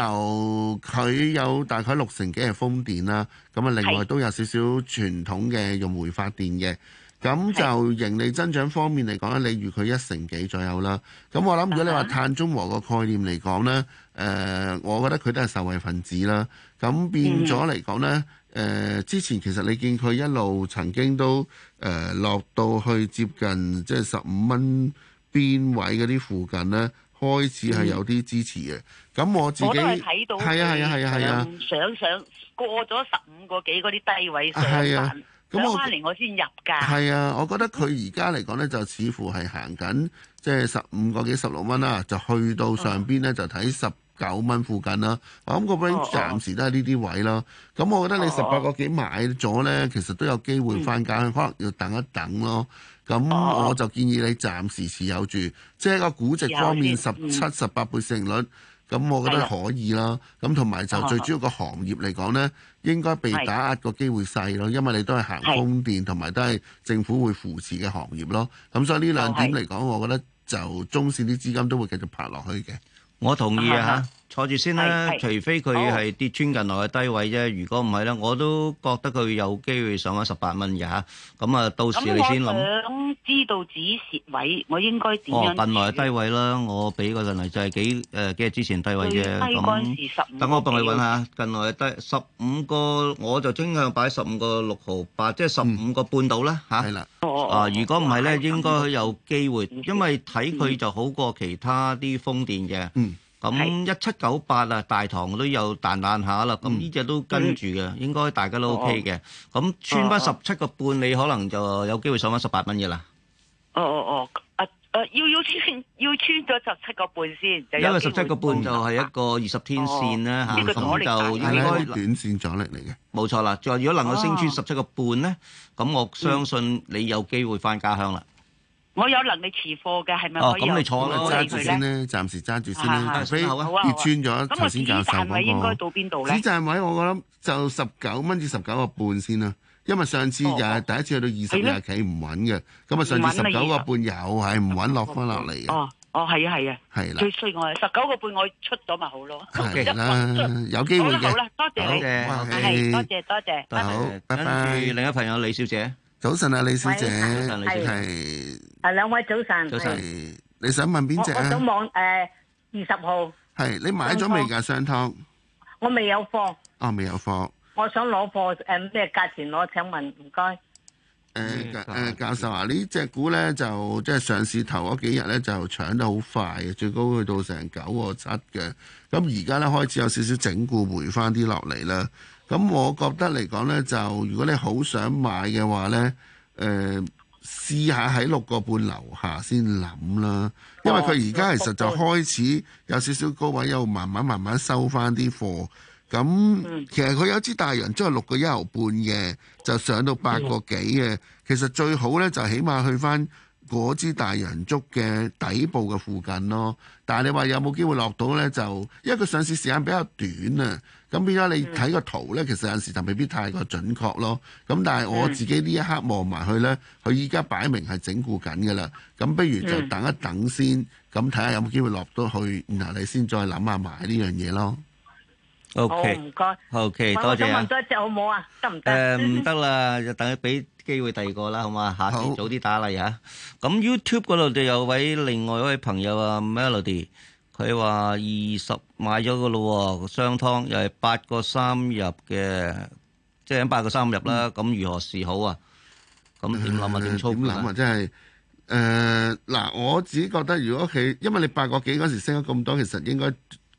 佢有大概六成幾係風電啦，咁啊另外都有少少傳統嘅用煤發電嘅。咁就盈利增長方面嚟講咧，你預佢一成幾左右啦。咁我諗如果你話碳中和個概念嚟講咧，誒、呃、我覺得佢都係受惠分子啦。咁變咗嚟講咧，誒、呃、之前其實你見佢一路曾經都誒、呃、落到去接近即係十五蚊邊位嗰啲附近咧。開始係有啲支持嘅，咁我自己係啊係啊係啊係啊，啊想上上
過咗十五個幾嗰啲低位係啊。咁我翻嚟我先入㗎。係
啊，我覺得佢而家嚟講咧，就似乎係行緊，即係十五個幾十六蚊啦，嗯、就去到上邊咧就睇十九蚊附近啦，我諗個 range 暫時都係呢啲位咯。咁、哦、我覺得你十八個幾買咗呢，嗯、其實都有機會翻價，嗯、可能要等一等咯。咁我就建議你暫時持有住，即係個估值方面十七、十、嗯、八倍市率，咁我覺得可以啦。咁同埋就最主要個行業嚟講呢，哦、應該被打壓個機會細咯，的因為你都係行風電，同埋的都係政府會扶持嘅行業咯。咁所以呢兩點嚟講，的我覺得就中線啲資金都會繼續拍落去嘅。我同意啊。
坐住先啦，是是除非佢係跌穿近來嘅低位啫。哦、如果唔係咧，我都覺得佢有機會上咗十八蚊嘅嚇。咁啊，到時你先諗。我想知道止
蝕位，我應該點近、哦、
來嘅低位啦，我俾個近嚟就係幾誒、呃、幾日之前低位嘅咁。等我幫你揾下近來嘅低十五個，我就傾向擺十五個六毫八，嗯、即係十五個半度啦嚇。係啦，啊，、嗯、啊如果唔係咧，應該有機會，因為睇佢就好過其他啲風電嘅。嗯。咁一七九八啊，大堂都有彈彈下啦，咁呢隻都跟住嘅，應該大家都 OK 嘅。咁穿翻十七個半，你可能就有機會上翻十八蚊嘅啦。
哦哦哦，啊啊，要要穿，要
穿咗十七個半先。因為十七個半就係一個二十天線啦，嚇，咁就應該短線阻力嚟嘅。冇錯啦，再如果能夠升穿十七個半咧，咁我相信你有機會翻家鄉啦。
我有能力持貨嘅係咪可以揸住先
咧？暫時揸住先啦，除非跌穿咗，頭先嗰個。止賺位應該到邊
度咧？止
賺位我我諗就十九蚊至十九個半先啦，因為上次又係第一次去到二十二企唔穩嘅，咁啊上次十九個半又係唔穩落翻落嚟嘅。哦
哦，係啊係啊，係
啦。最衰我十九個半我出咗咪好咯？係啦，有機會。好啦好啦，多謝你，
多謝多
謝，多謝。好，拜拜，另一朋友李小姐，早
晨啊，李小姐，早晨李小姐。係兩位早晨，早晨上。你想問邊隻咧？我
想網誒
二十號係你買咗未？噶商湯，我未
有貨。啊、哦，未有貨。我想攞貨誒，咩、
呃、價錢攞？請問唔該。誒誒，嗯嗯嗯、教授啊，隻呢隻股咧就即係上市頭嗰幾日咧就搶得好快嘅，最高去到成九個七嘅。咁而家咧開始有少少整固回回，回翻啲落嚟啦。咁我覺得嚟講咧，就如果你好想買嘅話咧，誒、呃。試下喺六個半樓下先諗啦，因為佢而家其實就開始有少少高位，又慢慢慢慢收翻啲貨。咁其實佢有一支大陽，即係六個一毫半嘅，就上到八個幾嘅。嗯、其實最好呢，就起碼去翻嗰支大陽燭嘅底部嘅附近咯，但係你話有冇機會落到呢？就因為佢上市時間比較短啊，咁變咗你睇個圖呢，嗯、其實有時就未必太過準確咯。咁但係我自己呢一刻望埋去呢，佢依家擺明係整固緊嘅啦。咁不如就等一等先，咁睇下有冇機會落到去，然後你先再諗下買呢樣嘢咯。O K，唔該。O K，多謝啊。
問多一隻好唔好啊？得唔得？唔得啦，就等佢俾。機會第二個啦，好嘛？下次早啲打嚟好啊！咁 YouTube 嗰度就有位另外一位朋友啊，Melody，佢話二十買咗個咯，商湯又係八個三入嘅，即係八個三入啦。咁如何是好啊？咁點諗啊？點操作、呃、啊？真係誒，嗱、呃，我自己覺得如果佢，因
為你八個幾嗰時升咗咁多，其實應該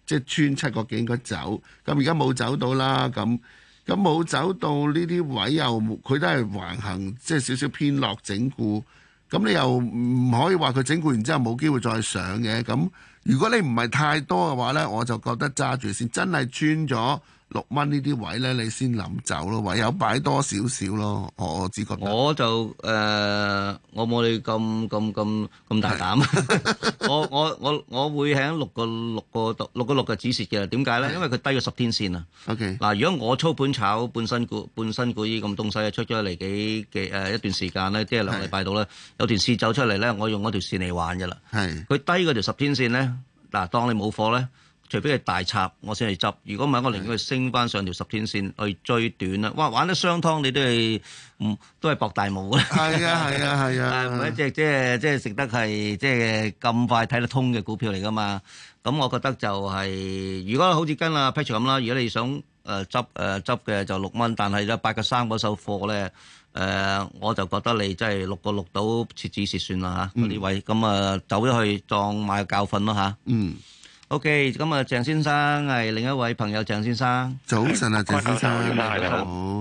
即係穿七個幾應該走，咁而家冇走到啦，咁。咁冇走到呢啲位又，佢都係橫行，即係少少偏落整固。咁你又唔可以話佢整固完之後冇機會再上嘅。咁如果你唔係太多嘅話呢，我就覺得揸住先，真係穿咗六蚊呢啲位咧，你先諗走咯，唯有擺多少少咯，我只覺得。我就
誒、呃，我冇你咁咁咁咁大膽。 我我我我會喺六個六個六個六嘅止蝕嘅。點解咧？是因為佢低過十天線啊。O K。嗱，如果我操盤炒半新股半新股依咁東西出咗嚟幾幾誒、呃、一段時間咧，即係兩禮拜到咧，是有條線走出嚟咧，我用嗰條線嚟玩嘅啦。係是。佢低嗰條十天線咧，嗱，當你冇貨咧。除非係大拆，我先嚟執。如果唔係，我寧願佢升翻上條十天線去追短啦。哇，玩得雙湯你都係唔都係博大霧嘅。係啊，係啊，係啊，唔係一隻即係即係食得係即係咁快睇得通嘅股票嚟噶嘛？咁我覺得就係，如果好似跟阿 Patrick 咁啦，mm. 到達 üyorum 如果你想誒執誒執嘅就六蚊，但係咧八個三嗰手貨咧誒、呃，我就覺得你真係六個六到切止蝕算啦嚇嗰位。咁啊走咗去撞買個教訓咯嚇。嗯、uh,。O.K.，咁啊，鄭先生係另一位朋友，鄭先生。早晨啊，鄭先生，你好，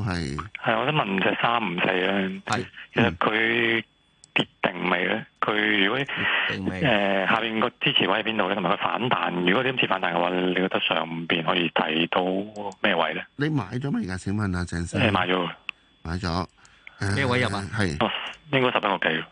係。係，我想問唔齊三唔齊咧。係。其實佢跌定未咧？佢如果誒下邊個支持位喺邊度咧？同埋佢反彈，如果點似反彈嘅話，你覺得上邊可以睇到咩
位咧？
你買咗未噶？請問啊，鄭生。買咗，
買咗。咩位入啊？係。哦，應該十一蚊幾咯。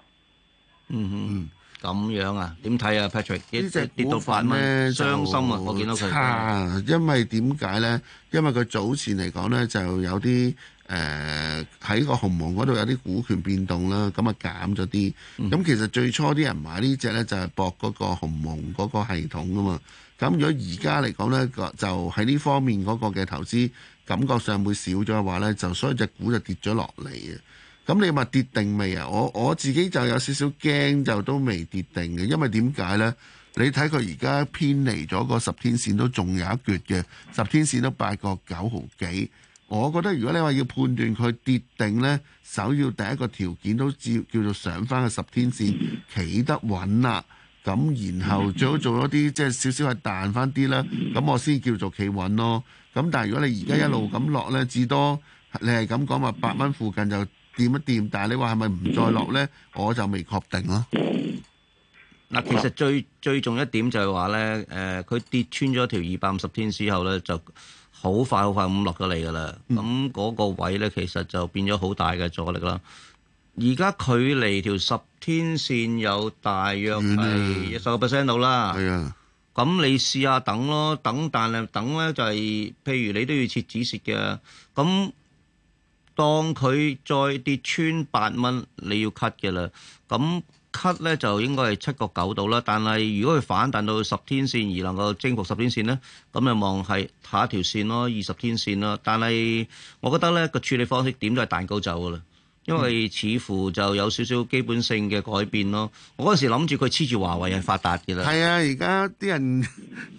嗯嗯。咁樣啊？點睇啊，Patrick？呢隻跌到反咩？
傷心啊！差我見到佢差，因為點解咧？因為佢早前嚟講咧，就有啲誒喺個鴻蒙嗰度有啲股權變動啦，咁啊減咗啲。咁、嗯、其實最初啲人買呢隻咧，就係博嗰個鴻蒙嗰個系統噶嘛。咁如果而家嚟講咧，就喺呢方面嗰個嘅投資，感覺上會少咗嘅話咧，就所以隻股就跌咗落嚟啊！咁你咪跌定未啊？我我自己就有少少驚，就都未跌定嘅。因為點解呢？你睇佢而家偏離咗個十天線，都仲有一橛嘅。十天線都八個九毫幾。我覺得如果你話要判斷佢跌定呢，首要第一個條件都叫叫做上翻個十天線企得穩啦。咁然後最好做一啲即係少少係彈翻啲啦，咁我先叫做企穩咯。咁但係如果你而家一路咁落呢，至多你係咁講話八蚊附近就掂一掂，但係你話係咪唔再落咧？我就未確定咯。
嗱，其實最最重一點就係話咧，誒，佢跌穿咗條二百五十天之後咧，就好快好快咁落咗嚟噶啦。咁嗰個位咧，其實就變咗好大嘅阻力啦。而家佢離條十天線有大約係十個 percent 度啦。係啊，咁你試下等咯，等但係等咧就係，譬如你都要設止蝕嘅，咁。當佢再跌穿八蚊，你要 cut 嘅啦。咁 cut 咧就應該係七個九度啦。但係如果佢反彈到十天線而能夠征服十天線咧，咁就望係下一條線咯，二十天線咯。但係我覺得咧，個處理方式點都係彈高就走㗎啦。因為似乎就有少少基本性嘅改變咯，我嗰時諗住佢黐住華為係發達嘅啦。係啊，而家啲人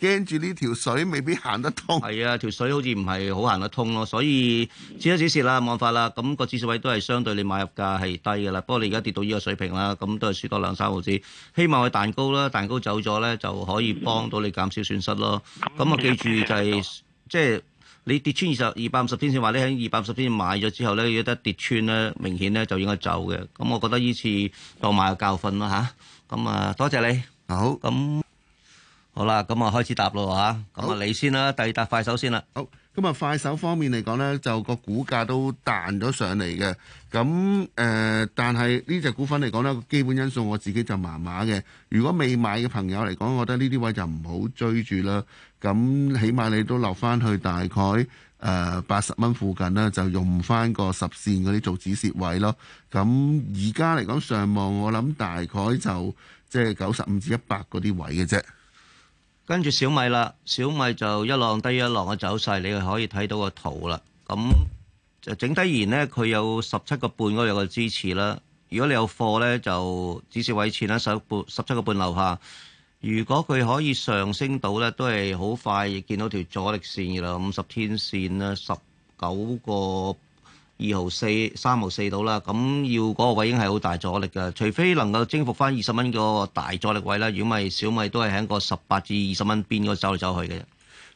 驚住呢條水未必行得通。係啊，條水好似唔係好行得通咯，所以少少少少啦，冇辦法啦，咁、個指數位都係相對你買入價係低嘅啦。不過你而家跌到呢個水平啦，咁都係輸多兩三毫子。希望佢蛋糕啦，蛋糕走咗咧就可以幫到你減少損失咯。咁啊，記住就係、係、 即係。你跌穿二十二百五十天線，話你喺二百五十天線買咗之後咧，有得跌穿咧，明顯咧就應該走嘅。咁、嗯、我覺得依次當買個教訓啦吓，咁啊，多謝你。好，咁、嗯、好啦，咁啊開始答咯吓，咁啊，你好先啦，第二答快手先啦。好，
咁啊，快手方面嚟講咧，就個股價都彈咗上嚟嘅。咁誒、呃，但係呢隻股份嚟講咧，基本因素我自己就麻麻嘅。如果未買嘅朋友嚟講，我覺得呢啲位就唔好追住啦。咁起碼你都留翻去大概誒八十蚊附近啦，就用翻個十線嗰啲做止蝕位咯。咁而家嚟講上望，我諗大概就即係九十五至一百嗰啲位嘅啫。
跟住小米啦，小米就一浪低一浪嘅走勢，你就可以睇到個圖啦。咁就整體而言呢，佢有十七個半嗰個支持啦。如果你有貨呢，就止蝕位前啦，十半十七個半樓下。如果佢可以上升到呢，都係好快，亦見到條阻力線噶啦，五十天線啦，十九個二毫四、三毫四到啦。咁要嗰個位已經係好大阻力嘅，除非能夠征服翻二十蚊個大阻力位啦。如果唔係，小米都係喺個十八至二十蚊邊個走嚟走去嘅。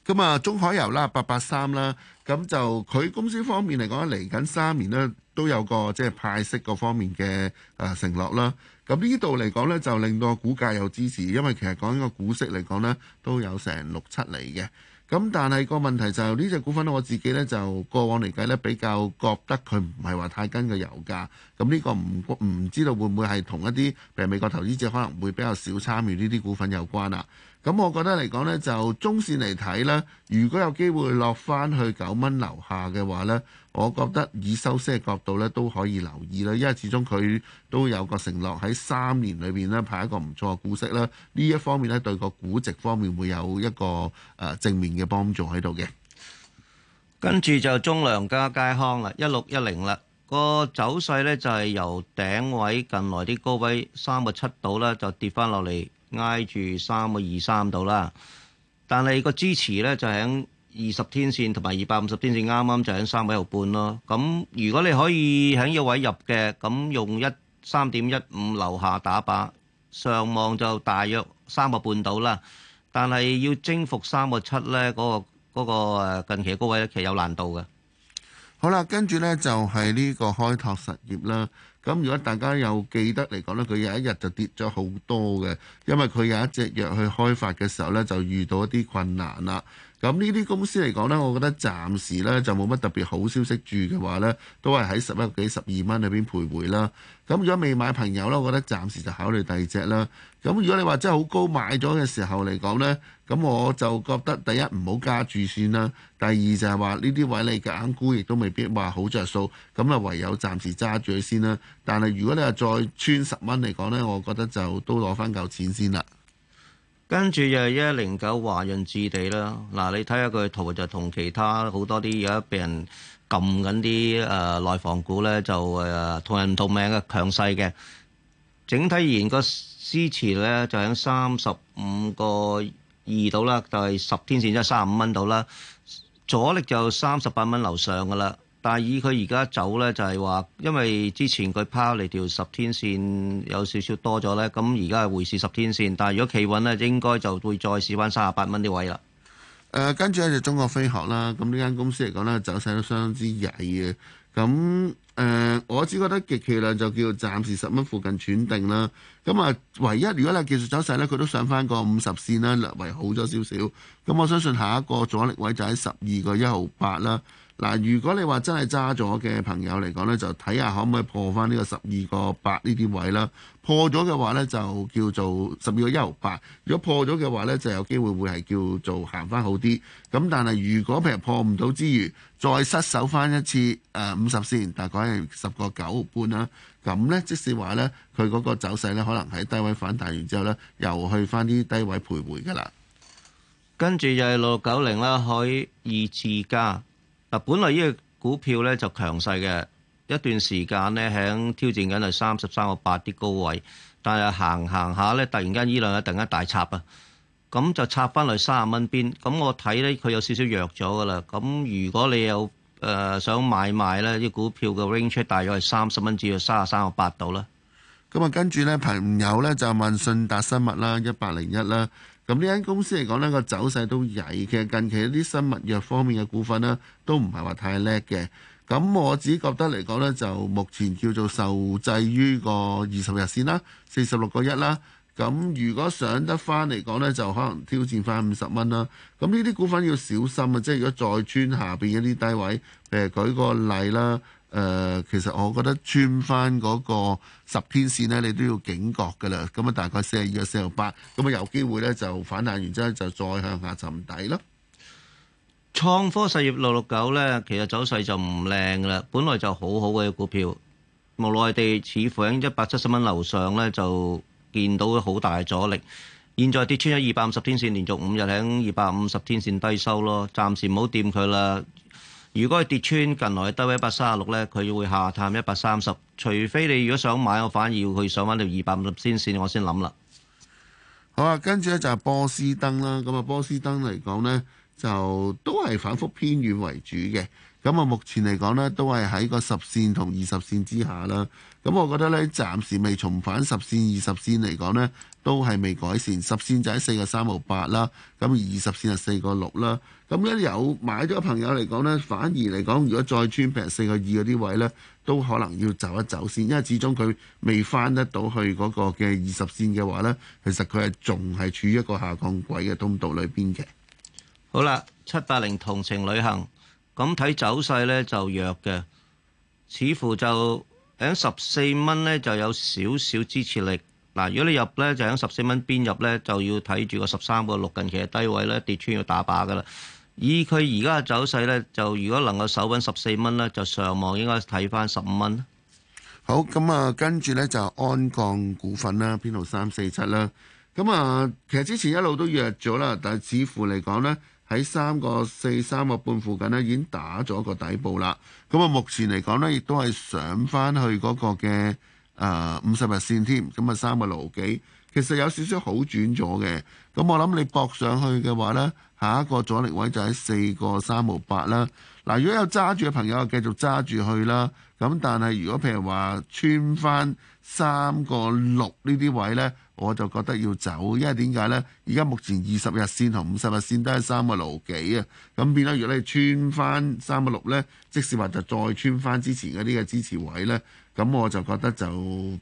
咁啊，中海油啦，八八三啦，
咁就佢公司方面嚟講，嚟緊三年呢都有個即係派息嗰方面嘅誒承諾啦。咁呢度嚟講呢，就令到個股價有支持，因為其實講一個股息嚟講呢，都有成六七厘嘅。咁但係個問題就係呢隻股份我自己呢，就過往嚟計呢，比較覺得佢唔係話太跟嘅油價。咁呢個唔唔知道會唔會係同一啲，譬如美國投資者可能會比較少參與呢啲股份有關啊？咁我覺得嚟講呢，就中線嚟睇咧，如果有機會落翻去九蚊樓下嘅話呢，我覺得以收息角度呢都可以留意啦。因為始終佢都有個承諾喺三年裏邊呢，派一個唔錯嘅股息啦。呢一方面呢，對個估值方面會有一個誒正面嘅幫助喺度嘅。
跟住就中糧家佳康啦，一六一零啦，個走勢呢，就係由頂位近來啲高位三個七度咧，就跌翻落嚟。挨住三個二三度啦，但係個支持咧就喺二十天線同埋二百五十天線啱啱就喺三個半度咯。咁如果你可以喺一個位入嘅，咁用一三點一五樓下打靶，上望就大約三個半度啦。但係要征服三個七咧，嗰個嗰個近期高位咧，其實有難度嘅。
好啦，跟住咧就係呢個開拓實業啦。咁如果大家又記得嚟講咧，佢有一日就跌咗好多嘅，因為佢有一隻藥去開發嘅時候咧，就遇到一啲困難啦。咁呢啲公司嚟講呢，我覺得暫時呢就冇乜特別好消息住嘅話呢，都係喺十一幾十二蚊裏邊徘徊啦。咁如果未買朋友呢，我覺得暫時就考慮第二隻啦。咁如果你話真係好高買咗嘅時候嚟講呢，咁我就覺得第一唔好加住先啦。第二就係話呢啲位你夾硬沽亦都未必話好着數，咁啊唯有暫時揸住先啦。但係如果你話再穿十蚊嚟講呢，我覺得就都攞翻嚿錢先啦。
跟住又係一零九華潤置地啦，嗱、啊、你睇下佢圖就同其他好多啲而家畀人撳緊啲誒內房股咧，就誒、啊、同人唔同命嘅強勢嘅。整體而言個支持咧就喺三十五個二度啦，就係十、就是、天線即係三十五蚊度啦，阻力就三十八蚊樓上噶啦。但係以佢而家走呢，就係、是、話，因為之前佢拋嚟條十天線有少少多咗呢。咁而家係回試十天線。但係如果企穩呢，應該就會再試翻三十八蚊啲位啦。誒、呃，跟住一隻中國飛鶴啦，咁呢間公司嚟講
呢，走勢都相當之曳嘅。咁誒、呃，我只覺得極其量就叫暫時十蚊附近喘定啦。咁啊，唯一如果呢技術走勢呢，佢都上翻個五十線啦，略為好咗少少。咁我相信下一個阻力位就喺十二個一毫八啦。嗱，如果你話真係揸咗嘅朋友嚟講呢，就睇下可唔可以破翻呢個十二個八呢啲位啦。破咗嘅話呢，就叫做十二個一毫八。如果破咗嘅話呢，就有機會會係叫做行翻好啲。咁但係如果譬如破唔到之餘，再失守翻一次誒五十線，大概係十個九半啦。咁呢，即使話呢，佢嗰個走勢呢，可能喺低位反彈完之後呢，又去翻啲低位徘
徊噶啦。跟住就係六九零啦，可以自加。嗱，本來呢個股票咧就強勢嘅一段時間咧，喺挑戰緊係三十三個八啲高位，但係行行下咧，突然間依兩日突然間大插啊，咁就插翻嚟三十蚊邊，咁我睇咧佢有少少弱咗噶啦，咁如果你有誒、呃、想買賣咧，啲股票嘅 range 大約係三十蚊至到三十三個八度啦，咁啊跟住咧朋友咧就問信達生物啦，一百零一啦。
咁呢間公司嚟講呢，個走勢都曳嘅。其實近期一啲生物藥方面嘅股份呢，都唔係話太叻嘅。咁我自己覺得嚟講呢，就目前叫做受制於個二十日線啦，四十六個一啦。咁如果上得翻嚟講呢，就可能挑戰翻五十蚊啦。咁呢啲股份要小心啊！即係如果再穿下邊一啲低位，譬如舉個例啦。誒、呃，其實我覺得穿翻嗰個十天線呢，你都要警覺嘅啦。咁啊，大概四十二啊，四十八，咁啊有機會呢，就反彈，完之後就再向下沉底咯。
創科實業六六九呢，其實走勢就唔靚啦，本來就好好嘅股票，無奈地，似乎喺一百七十蚊樓上呢，就見到好大阻力。現在跌穿咗二百五十天線，連續五日喺二百五十天線低收咯，暫時唔好掂佢啦。如果佢跌穿近來嘅低位一百三十六咧，佢會下探一百三十。除非你如果想買，我反而要去上返條二百五十先線，我先諗啦。
好啊，跟住咧就係波司登啦。咁啊，波司登嚟講咧，就都係反覆偏軟為主嘅，咁啊，目前嚟講呢，都係喺個十線同二十線之下啦。咁我覺得呢，暫時未重返十線二十線嚟講呢，都係未改善。十線就喺四個三毫八啦，咁二十線就四個六啦。咁呢有買咗朋友嚟講呢，反而嚟講，如果再穿平四個二嗰啲位呢，都可能要走一走先，因為始終佢未翻得到去嗰個嘅二十線嘅話呢，其實佢係仲係處於一個下降軌嘅通道裏邊嘅。
好啦，七八零同程旅行咁睇走勢咧就弱嘅，似乎就喺十四蚊咧就有少少支持力嗱。如果你入咧就喺十四蚊邊入咧就要睇住個十三個六近期嘅低位咧，跌穿要打靶噶啦。以佢而家嘅走勢咧就如果能夠守穩十四蚊咧就上望應該睇翻十五蚊。好咁啊，跟住咧就鞍鋼股份啦，編號三四七啦。咁啊，其實之前一路都
弱咗啦，但係似乎嚟講咧。喺三個四三個半附近咧，已經打咗個底部啦。咁啊，目前嚟講呢，亦都係上翻去嗰個嘅誒五十日線添。咁、呃、啊，三個六幾，其實有少少好轉咗嘅。咁、嗯、我諗你搏上去嘅話呢，下一個阻力位就喺四個三毫八啦。嗱，如果有揸住嘅朋友，繼續揸住去啦。咁但係如果譬如話穿翻，三個六呢啲位呢，我就覺得要走，因為點解呢？而家目前二十日線同五十日線都係三個六幾啊，咁變咗，如果你穿翻三個六呢，即使話就再穿翻之前嗰啲嘅支持位呢，咁我就覺得就，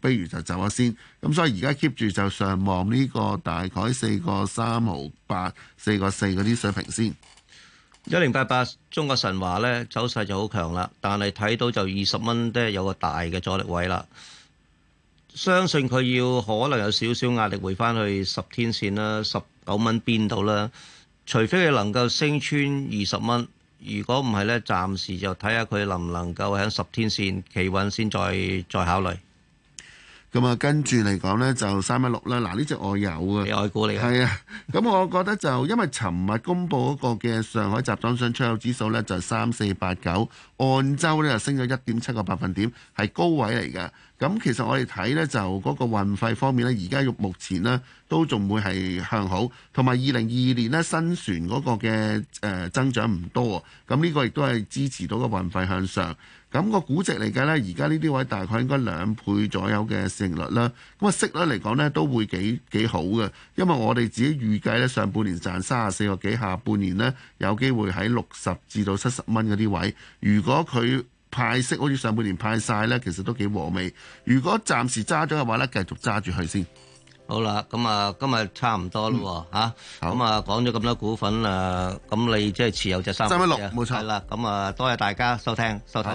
不如就走下先。咁所以而家 keep 住就上望呢個大概四個三毫八、四個四嗰啲水平
先。一零八八中國神華呢，走勢就好強啦，但係睇到就二十蚊都有個大嘅阻力位啦。相信佢要可能有少少壓力回返去十天線啦，十九蚊邊度啦？除非佢能夠升穿二十蚊，如果唔係咧，暫時就睇下佢能唔能夠響十天線企穩先，再再考慮。咁啊，跟住嚟講呢，就三一六啦。嗱，呢隻我有啊，外股嚟。係啊，咁
我覺得就因為尋日公布嗰個嘅上海集裝箱出口指數呢，就係三四八九，按周呢就升咗一點七個百分點，係高位嚟嘅。咁其實我哋睇呢，就嗰個運費方面呢，而家目前呢都仲會係向好，同埋二零二二年呢，新船嗰個嘅誒增長唔多，咁、這、呢個亦都係支持到個運費向上。咁個估值嚟計呢，而家呢啲位大概應該兩倍左右嘅市盈率啦。咁啊息率嚟講呢，都會幾幾好嘅，因為我哋自己預計呢，上半年賺三十四個幾，下半年呢，有機會喺六十至到七十蚊嗰啲位。如果佢派息好似上半年派晒呢，其實都幾和味。如果暫
時揸咗嘅話呢，繼續揸住去先。好啦，咁、嗯、啊今日差唔多啦喎吓，咁啊講咗咁多股份啊，咁你即係持有隻三蚊六，冇錯。係啦，咁啊多謝大家收聽收睇。